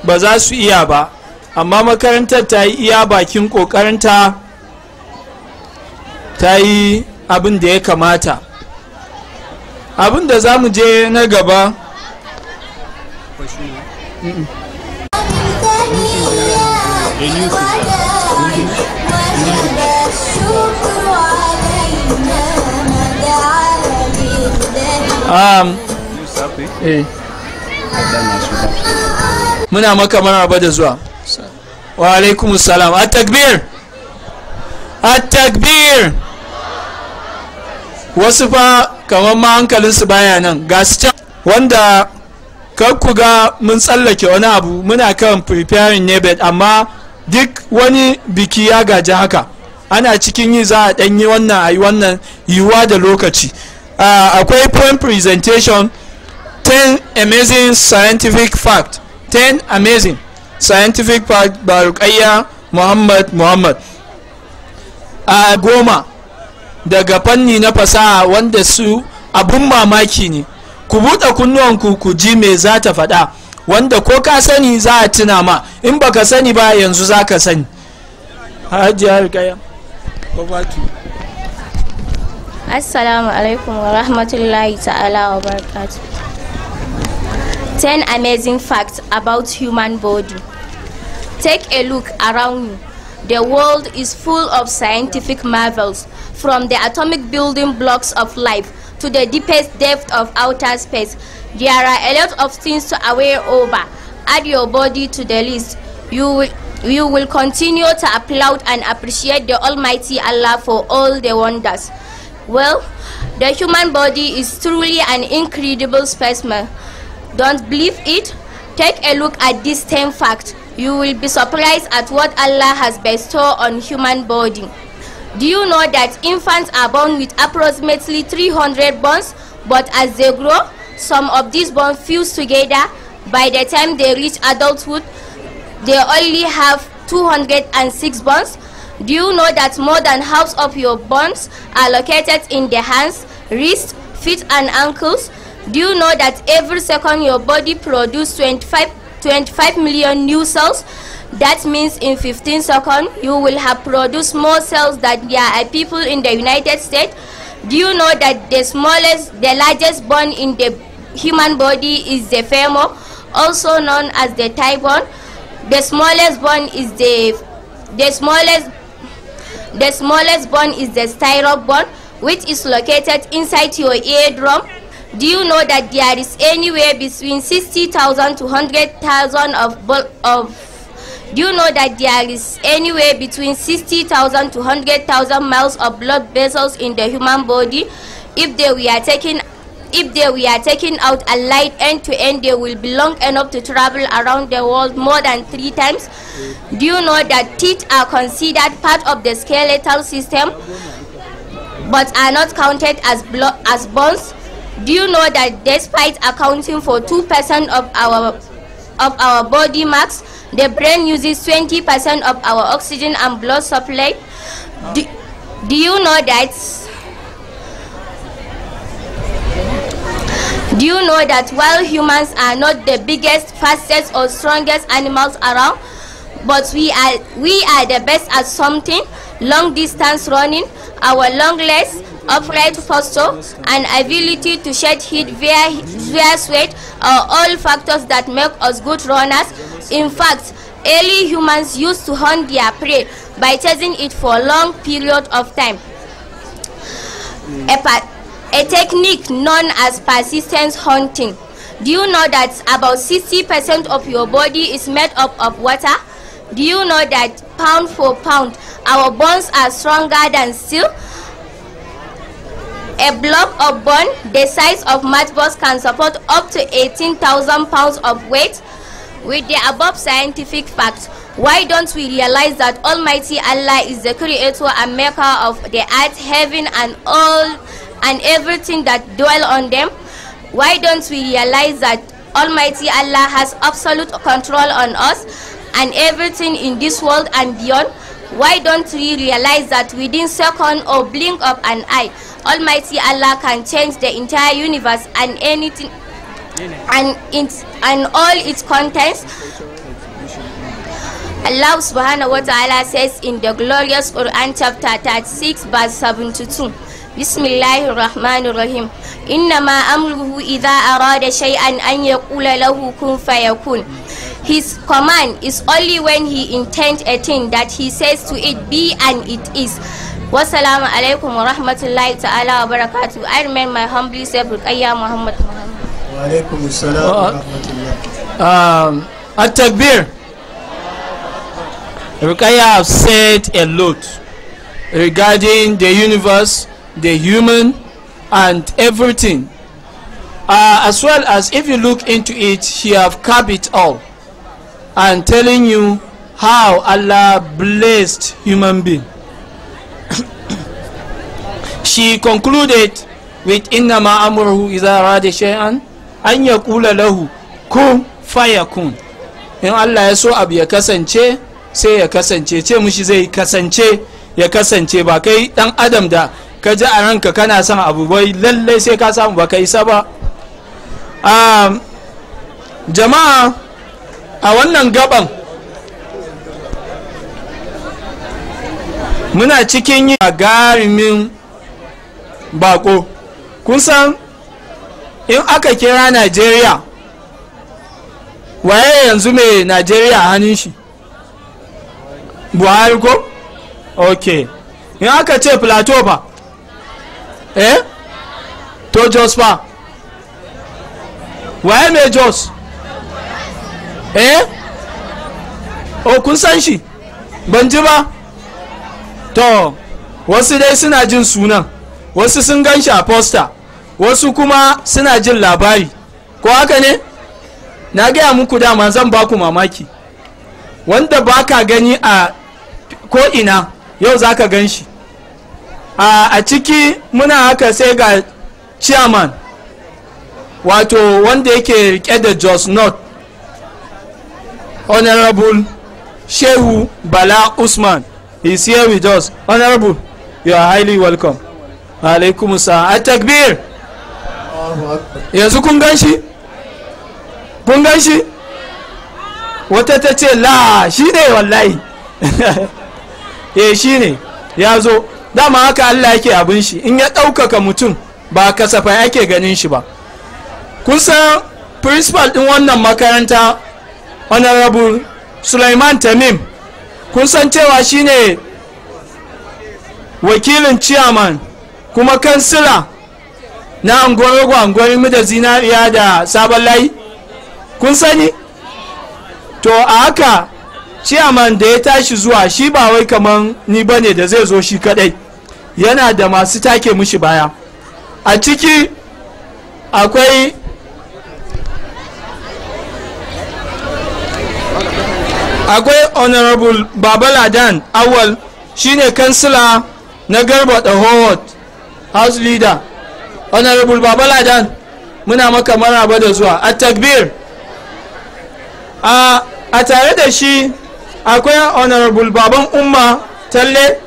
Speaker 1: ba za su iya ba amma makarantar ta yi iya bakin kokarinta ta yi abin da ya kamata abin da za mu je na gaba um, eh. muna maka mara ba da zuwa wa alaikumus salam a takbir a takbir wasu fa kamar ma hankalinsu baya nan ga su can wanda kar ku ga mun tsallake wani abu muna kan preparing ne bet amma duk wani biki ya gaji haka ana cikin yi za a ɗanyi wannan a wannan yiwuwa da lokaci ah, akwai point presentation 10 amazing scientific fact 10 amazing scientific fact barukayya muhammad muhammad a ah, goma daga fanni na fasaha wanda su abun mamaki ne ku buɗe kunnuwanku ku ji me za ta faɗa wanda ko ka sani za a tuna ma in baka sani ba yanzu za ka sani
Speaker 11: assalamu alaikum wa rahmatullahi ta'ala wa barakatu 10 amazing facts about human body take a look around you The world is full of scientific marvels, from the atomic building blocks of life to the deepest depth of outer space. There are a lot of things to aware over. Add your body to the list. You will, you will continue to applaud and appreciate the Almighty Allah for all the wonders. Well, the human body is truly an incredible specimen. Don't believe it? Take a look at this same fact. You will be surprised at what Allah has bestowed on human body. Do you know that infants are born with approximately 300 bones, but as they grow, some of these bones fuse together. By the time they reach adulthood, they only have 206 bones. Do you know that more than half of your bones are located in the hands, wrists, feet and ankles? Do you know that every second your body produces 25 25 million new cells. That means in 15 seconds, you will have produced more cells than there are people in the United States. Do you know that the smallest, the largest bone in the human body is the femur, also known as the thigh bone. The smallest bone is the, the smallest, the smallest bone is the styrofoam bone, which is located inside your eardrum. Do you know that there is anywhere between 60,000 to 100,000 of, of do you know that there is anywhere between 60,000 to 100,000 miles of blood vessels in the human body? If they are taking, if they are taking out light end to end, they will be long enough to travel around the world more than three times. Do you know that teeth are considered part of the skeletal system but are not counted as, as bones? Do you know that despite accounting for 2% of our of our body mass, the brain uses 20% of our oxygen and blood supply? Do, do you know that Do you know that while humans are not the biggest, fastest or strongest animals around, but we are we are the best at something, long distance running, our long legs, upright posture, and ability to shed heat via, via sweat are all factors that make us good runners. In fact, early humans used to hunt their prey by chasing it for a long period of time. A, a technique known as persistence hunting. Do you know that about 60% of your body is made up of water? Do you know that pound for pound, our bones are stronger than steel? A block of bone the size of matchbox can support up to 18,000 pounds of weight. With the above scientific facts, why don't we realize that Almighty Allah is the creator and maker of the earth, heaven, and all and everything that dwell on them? Why don't we realize that Almighty Allah has absolute control on us and everything in this world and beyond? Why don't we realize that within second or blink of an eye, Almighty Allah can change the entire universe and anything and its and all its contents? Allah subhanahu wa ta'ala says in the glorious Quran chapter 36 verse 72. بسم الله الرحمن الرحيم إنما أمره إذا أراد شيئا أن يقول له كن فيكون His command is only when he intends a thing that he says to it be and it is. Wassalamu alaikum wa rahmatullahi ta'ala wa barakatuh. I remain my humbly self Ruqayya Muhammad
Speaker 1: Wa alaikum wa rahmatullah. Um, have said a lot regarding the universe the human, and everything. Uh, as well as if you look into it, he have cap it all and telling you how Allah blessed human being. [COUGHS] she concluded with innama amruhu iza arada shay'an an yaqula lahu kun fayakun in Allah ya so abu ya kasance sai ya kasance ce mushi zai kasance ya kasance ba kai dan adam da ka ji a ranka kana son abu lallai sai ka samu baka isa ba jama'a a wannan gaban muna cikin yi garimin bako kun san in aka kira najeriya waye yanzu mai najeriya hannun shi buhari ko ok in aka ce plateau ba eh to jos fa waye mai jos eh o kun san shi ban ji ba to wasu dai suna jin sunan wasu sun ganshi a posta wasu kuma suna jin labari ko haka ne na gaya muku dama zan ba ku mamaki wanda baka gani a ko ina yau zaka gan shi a ciki muna haka sai ga chairman wato wanda yake rike da jos north honorable shehu bala usman is here with us honorable you are highly welcome alaikum a takbir yanzu kun ganshi kun ganshi wata ta ce la shi ne wallahi [LAUGHS] eh shi ne ya zo dama haka Allah yake abin shi in ya ɗaukaka mutum ba kasafai ake ganin shi ba kun san principal ɗin wannan makaranta honorable suleiman Tamim kun san cewa shine wakilin chairman kuma kansila na angorogo da zinariya da sabon layi kun sani to a haka chairman da ya tashi zuwa shi ba wai kamar ni bane da zai zo shi kadai yana da masu take mushi baya a ciki akwai akwai honorable babaladan awal shine kansila na garba da howard house leader honorable babaladan muna maka maraba da zuwa a takbir a tare da shi akwai honorable baban umma talle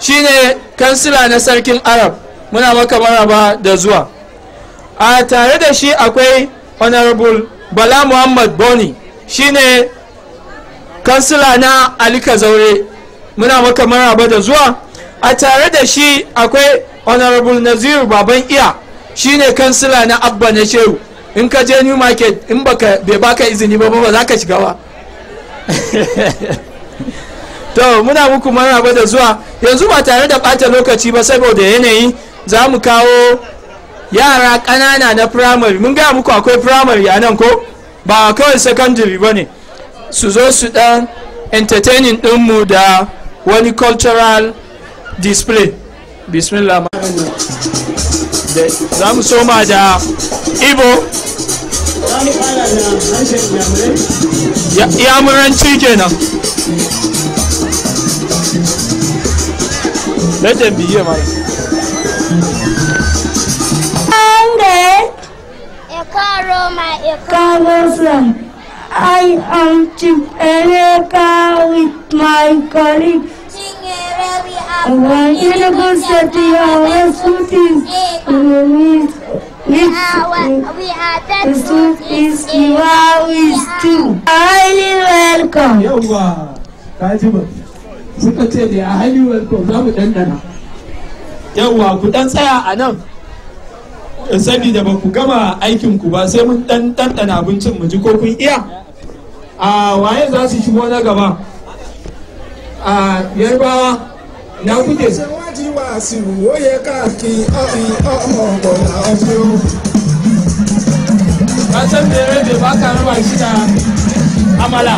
Speaker 1: shine kansila na sarkin arab muna maka maraba da zuwa a tare da shi akwai honorable bala muhammad boni shine kansila na alika zaure muna maka maraba da zuwa a tare da shi akwai honorable naziru baban iya shine kansila na abba na shehu in ka je new market in baka bai baka izini ba ba za ka shiga ba [LAUGHS] to muna muku maraba da zuwa yanzu ba tare da bata lokaci ba saboda yanayi za mu kawo yara ƙanana na firamare mun gaya muku akwai firamare a nan ko ba kawai secondary ba ne su zo su ɗan entertaining ɗinmu da wani cultural display bismillah za mu soma da ibo yamuranci kenan Let them be here, man.
Speaker 3: Sunday.
Speaker 9: Ekaro, my
Speaker 6: Ekaro son. I am Chief Eleka with my colleague. I want you to go study our students. We are
Speaker 9: the students you are with
Speaker 1: too. Highly welcome. Yawa, uh, Kajiba. suka ce da ya hali to za mu dandana yawwa ku ɗan tsaya a nan eh, Sabida ba ku gama aikin ku ba sai mun dan dandana abincin mu ji ko kun iya a ah, waye za su shigo na gaba a ah, yarbawa na kuke ka san me rage ba ka raba shi da amala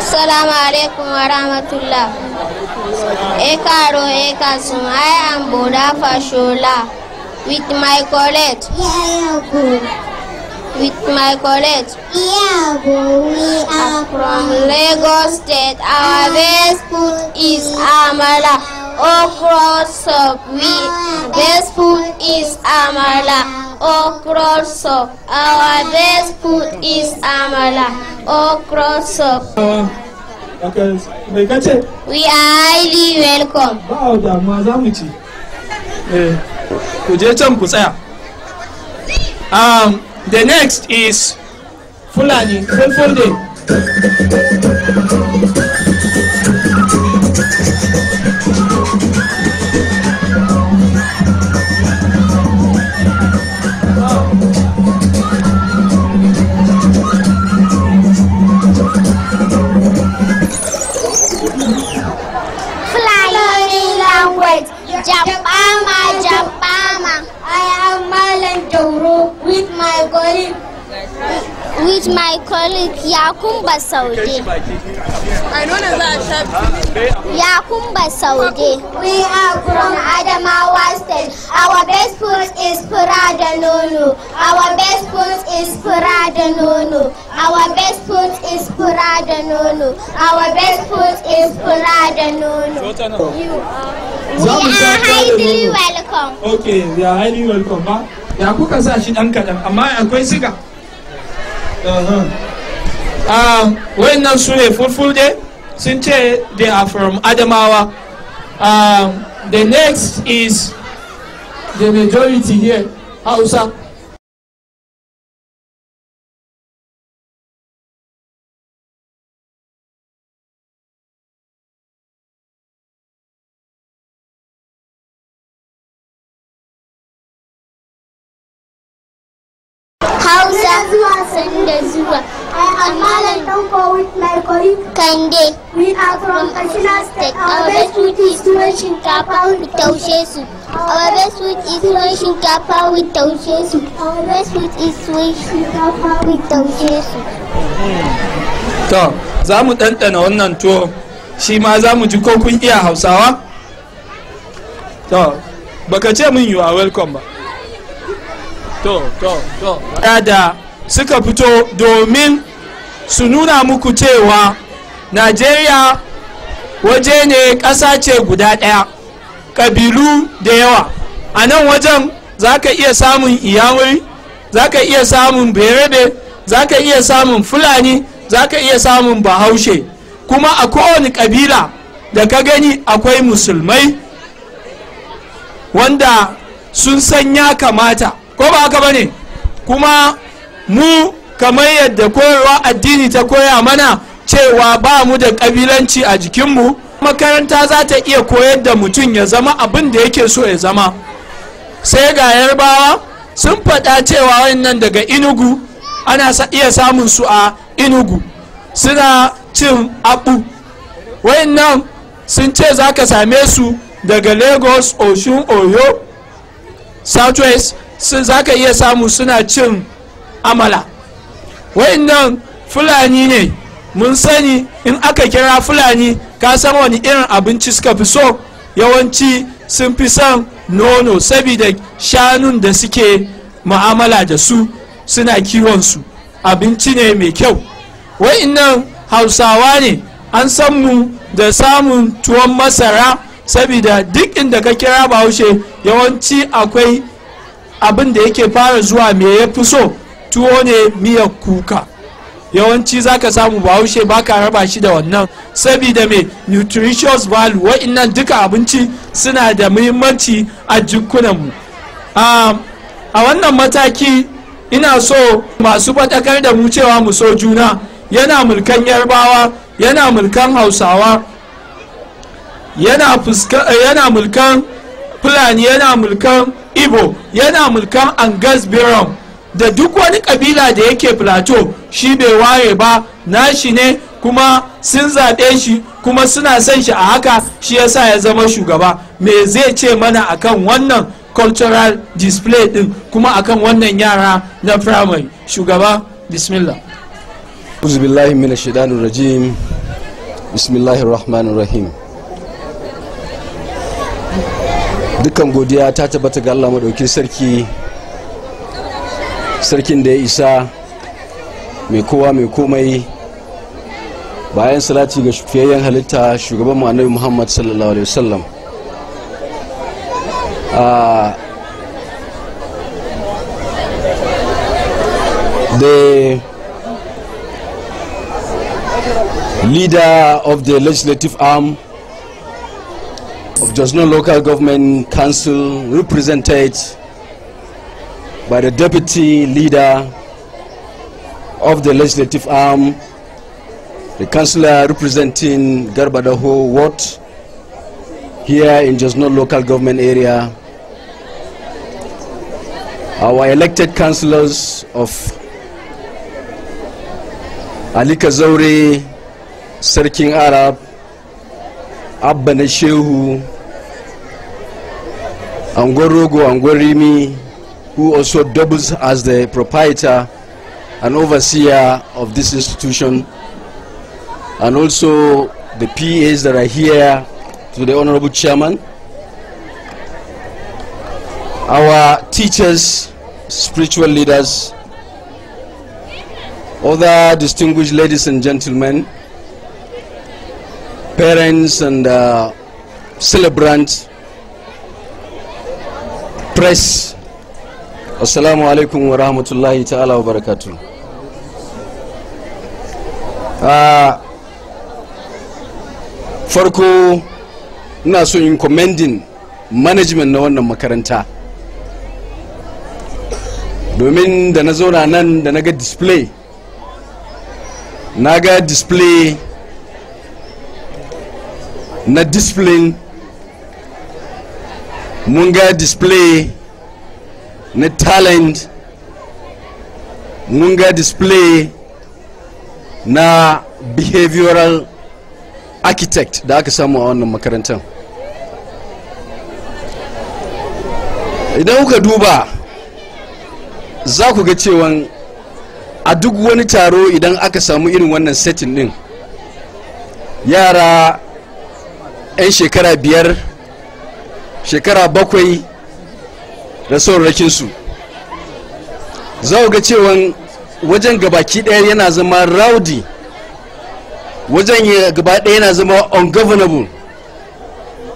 Speaker 5: Assalamu alaikum wa rahmatullah.
Speaker 4: Ekaro Ekasum, I am Buddha Fashola with my college. With my college. We are from Lagos State. Our best food is Amala. O cross of best food is amala. O cross our best food is amala. O cross of. Mai kace? We are highly welcome.
Speaker 1: Ba da ma za mu ci. Ku je can ku tsaya. Um, the next is Fulani, Fulfulde.
Speaker 9: with my colleague Yakumba Saude. Yakumba Saude. We are from Adamawa State. Our best food is Purada da
Speaker 4: nono. Our best food is Purada da nono.
Speaker 9: Our best food is Purada da nono. Our best food is Purada da
Speaker 4: nono. You
Speaker 9: are.
Speaker 1: We are highly
Speaker 9: welcome.
Speaker 1: Okay, we are highly welcome. Ya kuka sa shi ɗan kaɗan, amma akwai siga. Uh-huh. Um, wayannan su ne fulfulde sun ce they are from adamawa um, the next is the majority here hausa
Speaker 9: Kande. We are from Katsina State. Our best food is tuwon shinkafa with taushe soup. Our best food is tuwon shinkafa with taushe soup. Our best food is tuwon shinkafa with taushe soup.
Speaker 1: To, za mu ɗanɗana wannan tuwo. Shi ma za mu ji ko kun iya Hausawa? To, baka ce min you are welcome ba. To, to, to. Ya Da suka fito domin su nuna muku cewa najeriya waje ne ƙasa ce guda ɗaya ƙabilu da yawa a nan wajen za ka iya samun iyawai za ka iya samun berebe za ka iya samun fulani za ka iya samun bahaushe kuma a kowane ƙabila da ka gani akwai musulmai wanda sun san ya kamata ko ba haka ba ne kuma mu kamar yadda koyarwa addini ta koya mana cewa ba mu da kabilanci a jikinmu makaranta za ta iya koyar da mutum ya zama abin da yake so ya zama sai ga yarbawa sun faɗa cewa wannan daga inugu ana iya samun su a inugu suna cin abu wayannan sun ce za ka same su daga lagos oshun oyo southwest sun za ka iya samu suna cin amala wa'annan fulani ne mun sani in aka kira fulani ka san wani irin abinci suka fi so yawanci sun fi son nono saboda shanun da suke ma'amala da su suna kiwonsu abinci ne mai kyau wa'annan hausawa ne an san mu da samun tuwon masara saboda duk inda ka kira bahaushe yawanci akwai abin da yake fara zuwa mai ya fi so tuwo ne miyar kuka yawanci za ka samu bahaushe baka raba shi da wannan saboda mai nutritious value wa'innan duka abinci suna da muhimmanci a jikunanmu a wannan mataki ina so masu faɗakar da mu cewa mu so juna yana mulkan yarbawa yana mulkan hausawa yana, mulkan fulani yana mulkan ibo yana mulkan angus biram da duk wani kabila da yake plateau shi bai waye ba nashi ne kuma sun zaɓe shi kuma suna son shi a haka shi yasa ya zama shugaba me zai ce mana akan wannan cultural display din kuma akan wannan yara na primary shugaba bismillah
Speaker 8: uzubillahi rajim bismillahir rahmanir rahim dukkan godiya ta tabbata ga Allah madaukin sarki sarkin da ya isa mai kowa mai komai bayan salati ga fiyayyen halitta shugaban mu muhammad sallallahu alaihi wasallam ah, the leader of the legislative arm of Josno Local Government Council represented by the deputy leader of the legislative arm, the councillor representing Garbadaho Ward here in Josno local government area, our elected councillors of Ali Sir King Arab, Abba Neshehu, Angorogo, Angorimi, who also doubles as the proprietor and overseer of this institution, and also the PAs that are here to the Honorable Chairman. Our teachers, spiritual leaders, other distinguished ladies and gentlemen, parents and uh, celebrants, press, assalamu alaikum wa rahmatullahi ta'ala wa barakatu a ah, farko ina so in commending management na wannan makaranta domin da na zauna nan da na ga display na ga display na discipline mun ga display na talent mun ga display na behavioral architect da aka samu a wannan makarantar idan kuka duba za ku ga cewan a duk wani taro idan aka samu irin wannan setting din yara 'yan shekara biyar shekara bakwai da su za ga cewa wajen gabaki daya yana zama rowdy wajen gaba daya yana zama ungovernable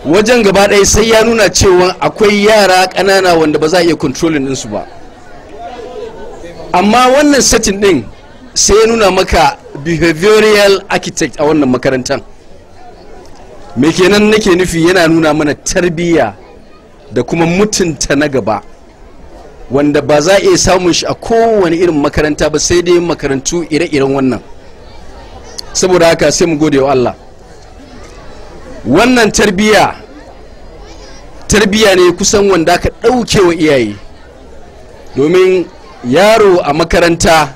Speaker 8: wajen gaba daya sai ya nuna cewa akwai yara ƙanana wanda ba za a iya controlling ɗinsu ba amma wannan setting ɗin sai ya nuna maka behavioral architect a wannan makarantar me kenan nake nufi yana nuna mana tarbiyya da kuma mutunta na gaba wanda ba za a iya samun shi a kowane irin makaranta ba sai dai makarantu ire-iren wannan saboda haka sai mu gode wa Allah wannan tarbiya tarbiya ne kusan wanda aka ɗauke wa iyaye domin yaro a makaranta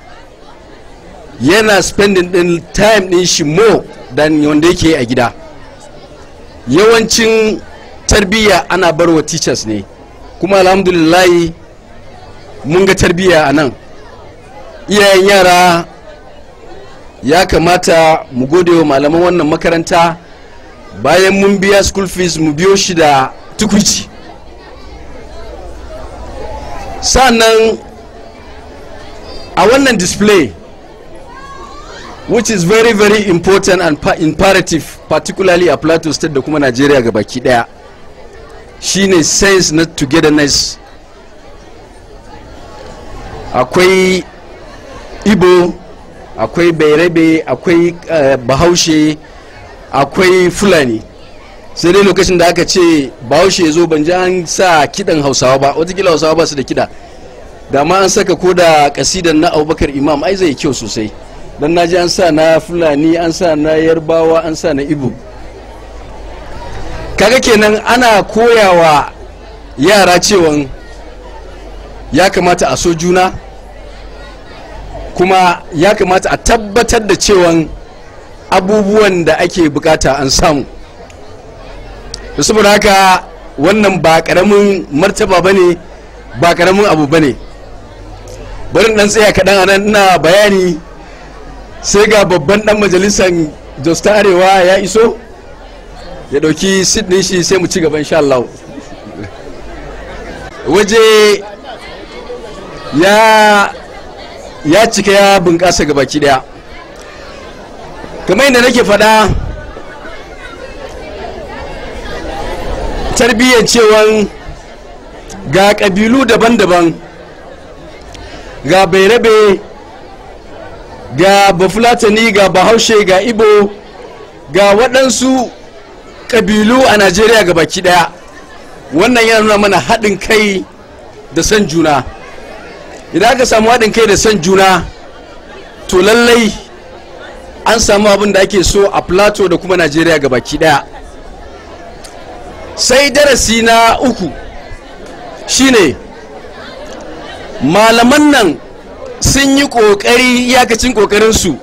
Speaker 8: yana spending din time din shi mo dan wanda yake a gida yawancin tarbiyya ana barwa teachers ne kuma alhamdulillah mun ga tarbiyya a nan iyayen yara ya kamata mu gode wa malaman wannan makaranta bayan mun biya school fees mu biyo shi da tukuci sannan a wannan display which is very very important and imperative particularly a plateau state da kuma nigeria ga baki daya shine sense na togetherness akwai ibo akwai bairabe akwai eh, bahaushe akwai fulani sai dai lokacin da aka ce bahaushe ya zo ban ji an sa kidan hausawa ba watakila hausawa ba su da kida da ma an saka ko da kasidan na abubakar imam ai zai kyau sosai don na ji an sa na fulani an sa na yarbawa an sa na ibo kaga kenan ana koyawa yara cewa ya kamata a so juna kuma ya kamata a tabbatar da cewa abubuwan da ake bukata an samu saboda haka wannan ba karamin martaba ba ne ba karamin abu ba ne barin dan tsaya kaɗan a nan ina bayani sai ga babban dan majalisar jos ta arewa ya iso ya dauki sidney shi sai mu ci gaba insha Allah waje ya ya cika ya bunƙasa gaba baki daya kamar yadda nake faɗa tarbiyyar cewan ga kabilu daban-daban ga bairabe ga bafulatani ga bahaushe ga ibo ga waɗansu kabilu a najeriya ga baki ɗaya wannan yana nuna mana haɗin kai da son juna idan aka samu haɗin kai da san juna to lallai an samu abin da ake so a plato da kuma najeriya ga baki ɗaya sai darasi na uku shine malaman nan sun yi ƙoƙari iyakacin ƙoƙarinsu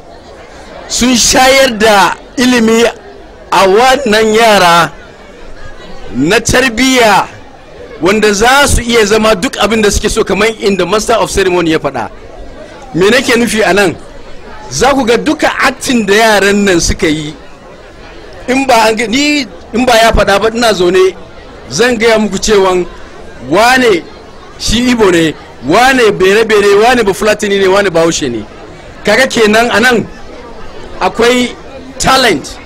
Speaker 8: sun shayar da ilimi a wannan yara na tarbiyya wanda za su iya zama duk abin da suke so kamar inda master of ceremony ya faɗa me nake nufi a nan za ku ga duka aktin da yaran nan suka yi in ba ni in ba ya faɗa ba ina zaune zan gaya muku cewa wane shi ibo ne wane bere-bere wane ba fulatini ne wane bahaushe ne kaga kenan a nan akwai talent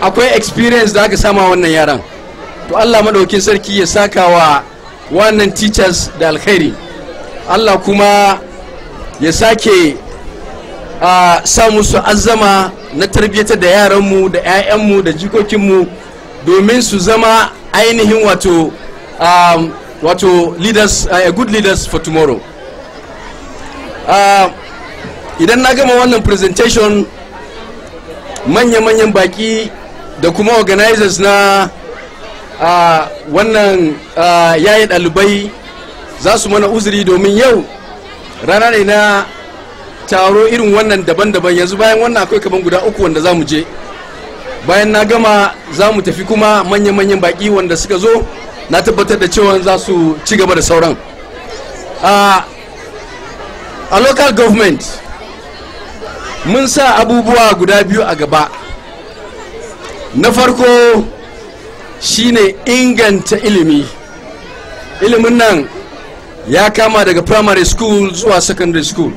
Speaker 8: akwai experience da aka sama wannan yaran to allah maɗaukin sarki ya saka wa wannan teachers da alkhairi allah kuma ya sake a sa musu azama na tarbiyyatar da yaranmu da 'ya'yanmu da jikokinmu domin su zama ainihin wato um, wato leaders uh, a good leaders for tomorrow uh, idan na gama wannan presentation manya-manyan baki da kuma organizers na wannan yayin ɗalibai za su mana uzuri domin yau rana ne na taro irin wannan daban-daban yanzu bayan wannan akwai kaman guda uku wanda za mu je bayan na gama za mu tafi kuma manya-manyan baƙi wanda suka zo na tabbatar da cewa za su ci gaba da sauran a local government mun sa abubuwa guda biyu a gaba na farko shine inganta ilimi ilimin nan ya kama daga primary school zuwa secondary school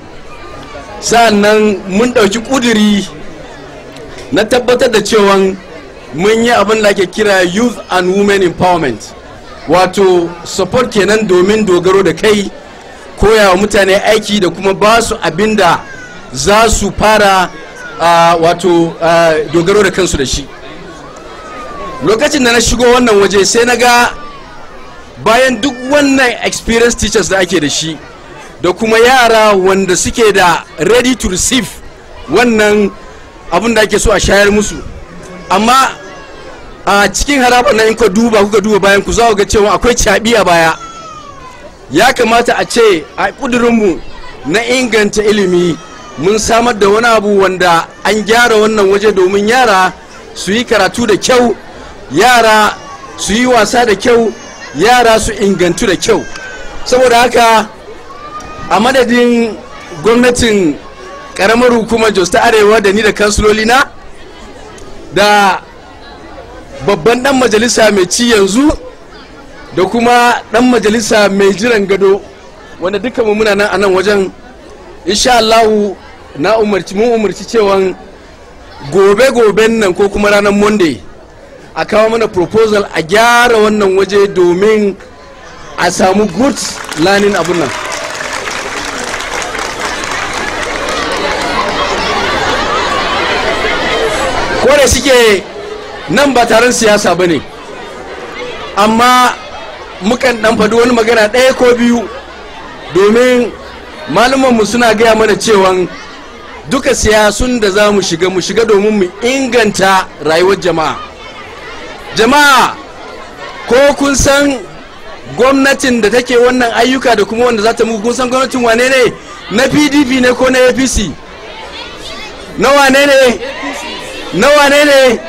Speaker 8: sa'annan mun ɗauki ƙuduri na tabbatar da cewa mun yi abin da ake kira youth and women empowerment wato support kenan domin dogaro da kai koyawa mutane aiki da kuma ba su abin da za su fara wato dogaro da kansu da shi lokacin da na shigo wannan waje sai na ga bayan duk wannan experience teachers da ake da shi da kuma yara wanda suke da ready to receive wannan abin da ake so a shayar musu amma a cikin haraba na in ka duba kuka duba bayan ku za ku ga cewa akwai caɓi a baya ya kamata a ce a ƙudurinmu na inganta ilimi mun samar da wani abu wanda an gyara wannan waje domin yara su yi karatu da kyau yara su yi wasa da kyau yara su ingantu da kyau saboda haka a madadin gwamnatin karamar hukumar jos ta arewa da ni da kansuloli na da babban dan majalisa mai ci yanzu da kuma dan majalisa mai jiran gado wanda duka mu muna nan a nan wajen insha Allahu na umarci mun umarci cewa gobe-goben nan ko kuma ranar monday a kawo mana proposal a gyara wannan waje domin a samu good learning abun nan da suke nan ba taron siyasa ba ne amma mukan dan faɗi wani magana ɗaya ko biyu domin malumanmu suna gaya mana cewan duka siyasun da za mu shiga mu shiga domin mu inganta rayuwar jama'a jama'a ko kun san gwamnatin da take wannan ayyuka da kuma wanda za ta muku kun san gwamnatin wane ne na pdp ne ko na apc na wane ne na wane ne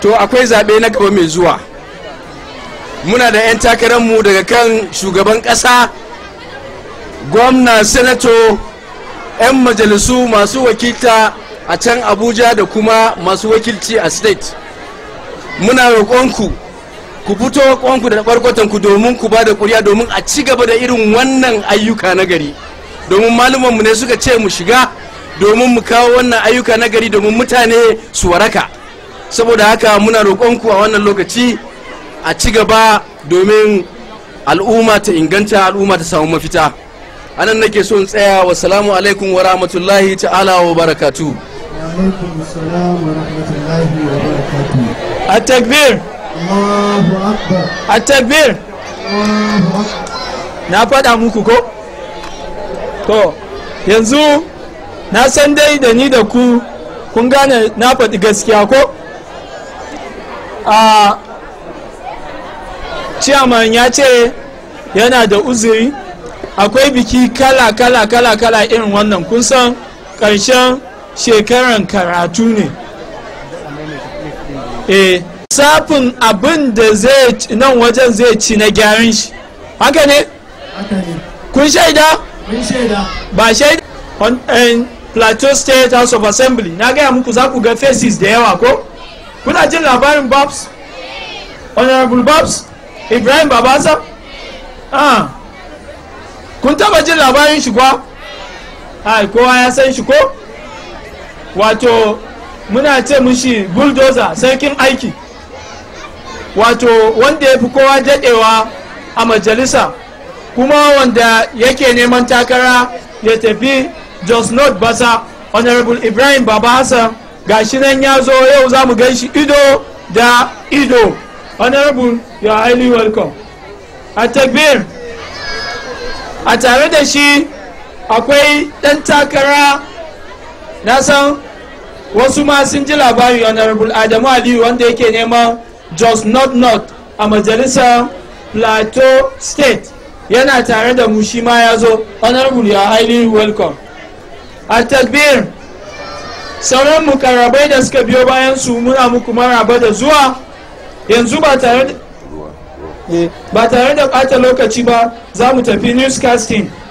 Speaker 8: to akwai zaɓe na gaba mai zuwa muna da 'yan takararmu daga kan shugaban ƙasa gwamna senato 'yan majalisu masu wakilta a can abuja da kuma masu wakilci a state muna roƙonku ku fito ƙonku da ku domin ku ba da ƙuri'a domin a ci gaba da irin wannan ayyuka na gari domin malumanmu ne suka ce mu shiga domin mu kawo wannan ayyuka na gari domin mutane su waraka saboda haka muna roƙonku a wannan lokaci a ci gaba domin al'umma ta inganta al'umma ta samu mafita anan nake so in tsaya wa salamu alaikum wa rahmatullahi ta'ala wa barakatu
Speaker 1: alaikum salam wa rahmatullahi wa barakatu التكبير التكبير na faɗa muku ko to yanzu na san dai da ni da ku kun gane na faɗi gaskiya ko a ciyaman ya ce yana da uzuri akwai biki kala kala kala kala irin wannan kun san ƙarshen shekaran karatu ne eh safin abin da zai nan wajen zai ci na gyaran shi haka ne kun shaida ba shaida on eh, plateau state house of assembly na gaya muku za ku ga faces da yawa ko kuna jin labarin babs honorable babs ibrahim babasa ah kun taba jin labarin shi kwa ai kowa ya san shi ko wato muna ce mushi bulldozer sarkin aiki wato wanda ya fi kowa daɗewa a majalisa kuma wanda yake neman takara ya tafi jos not basa honorable ibrahim baba hassan shi nan ya zo yau za mu gan shi ido da ido honorable you are highly welcome a a tare da shi akwai ɗan takara na san wasu ma sun ji labari honorable adamu aliyu wanda yake neman jos not not a majalisar plateau state yana tare da mu shi ma ya zo honorable ya highly welcome a tabbir sauran mukarrabai da suka biyo bayan su muna muku maraba da zuwa yanzu ba tare da eh, ba tare da ɓata lokaci ba za mu tafi newscasting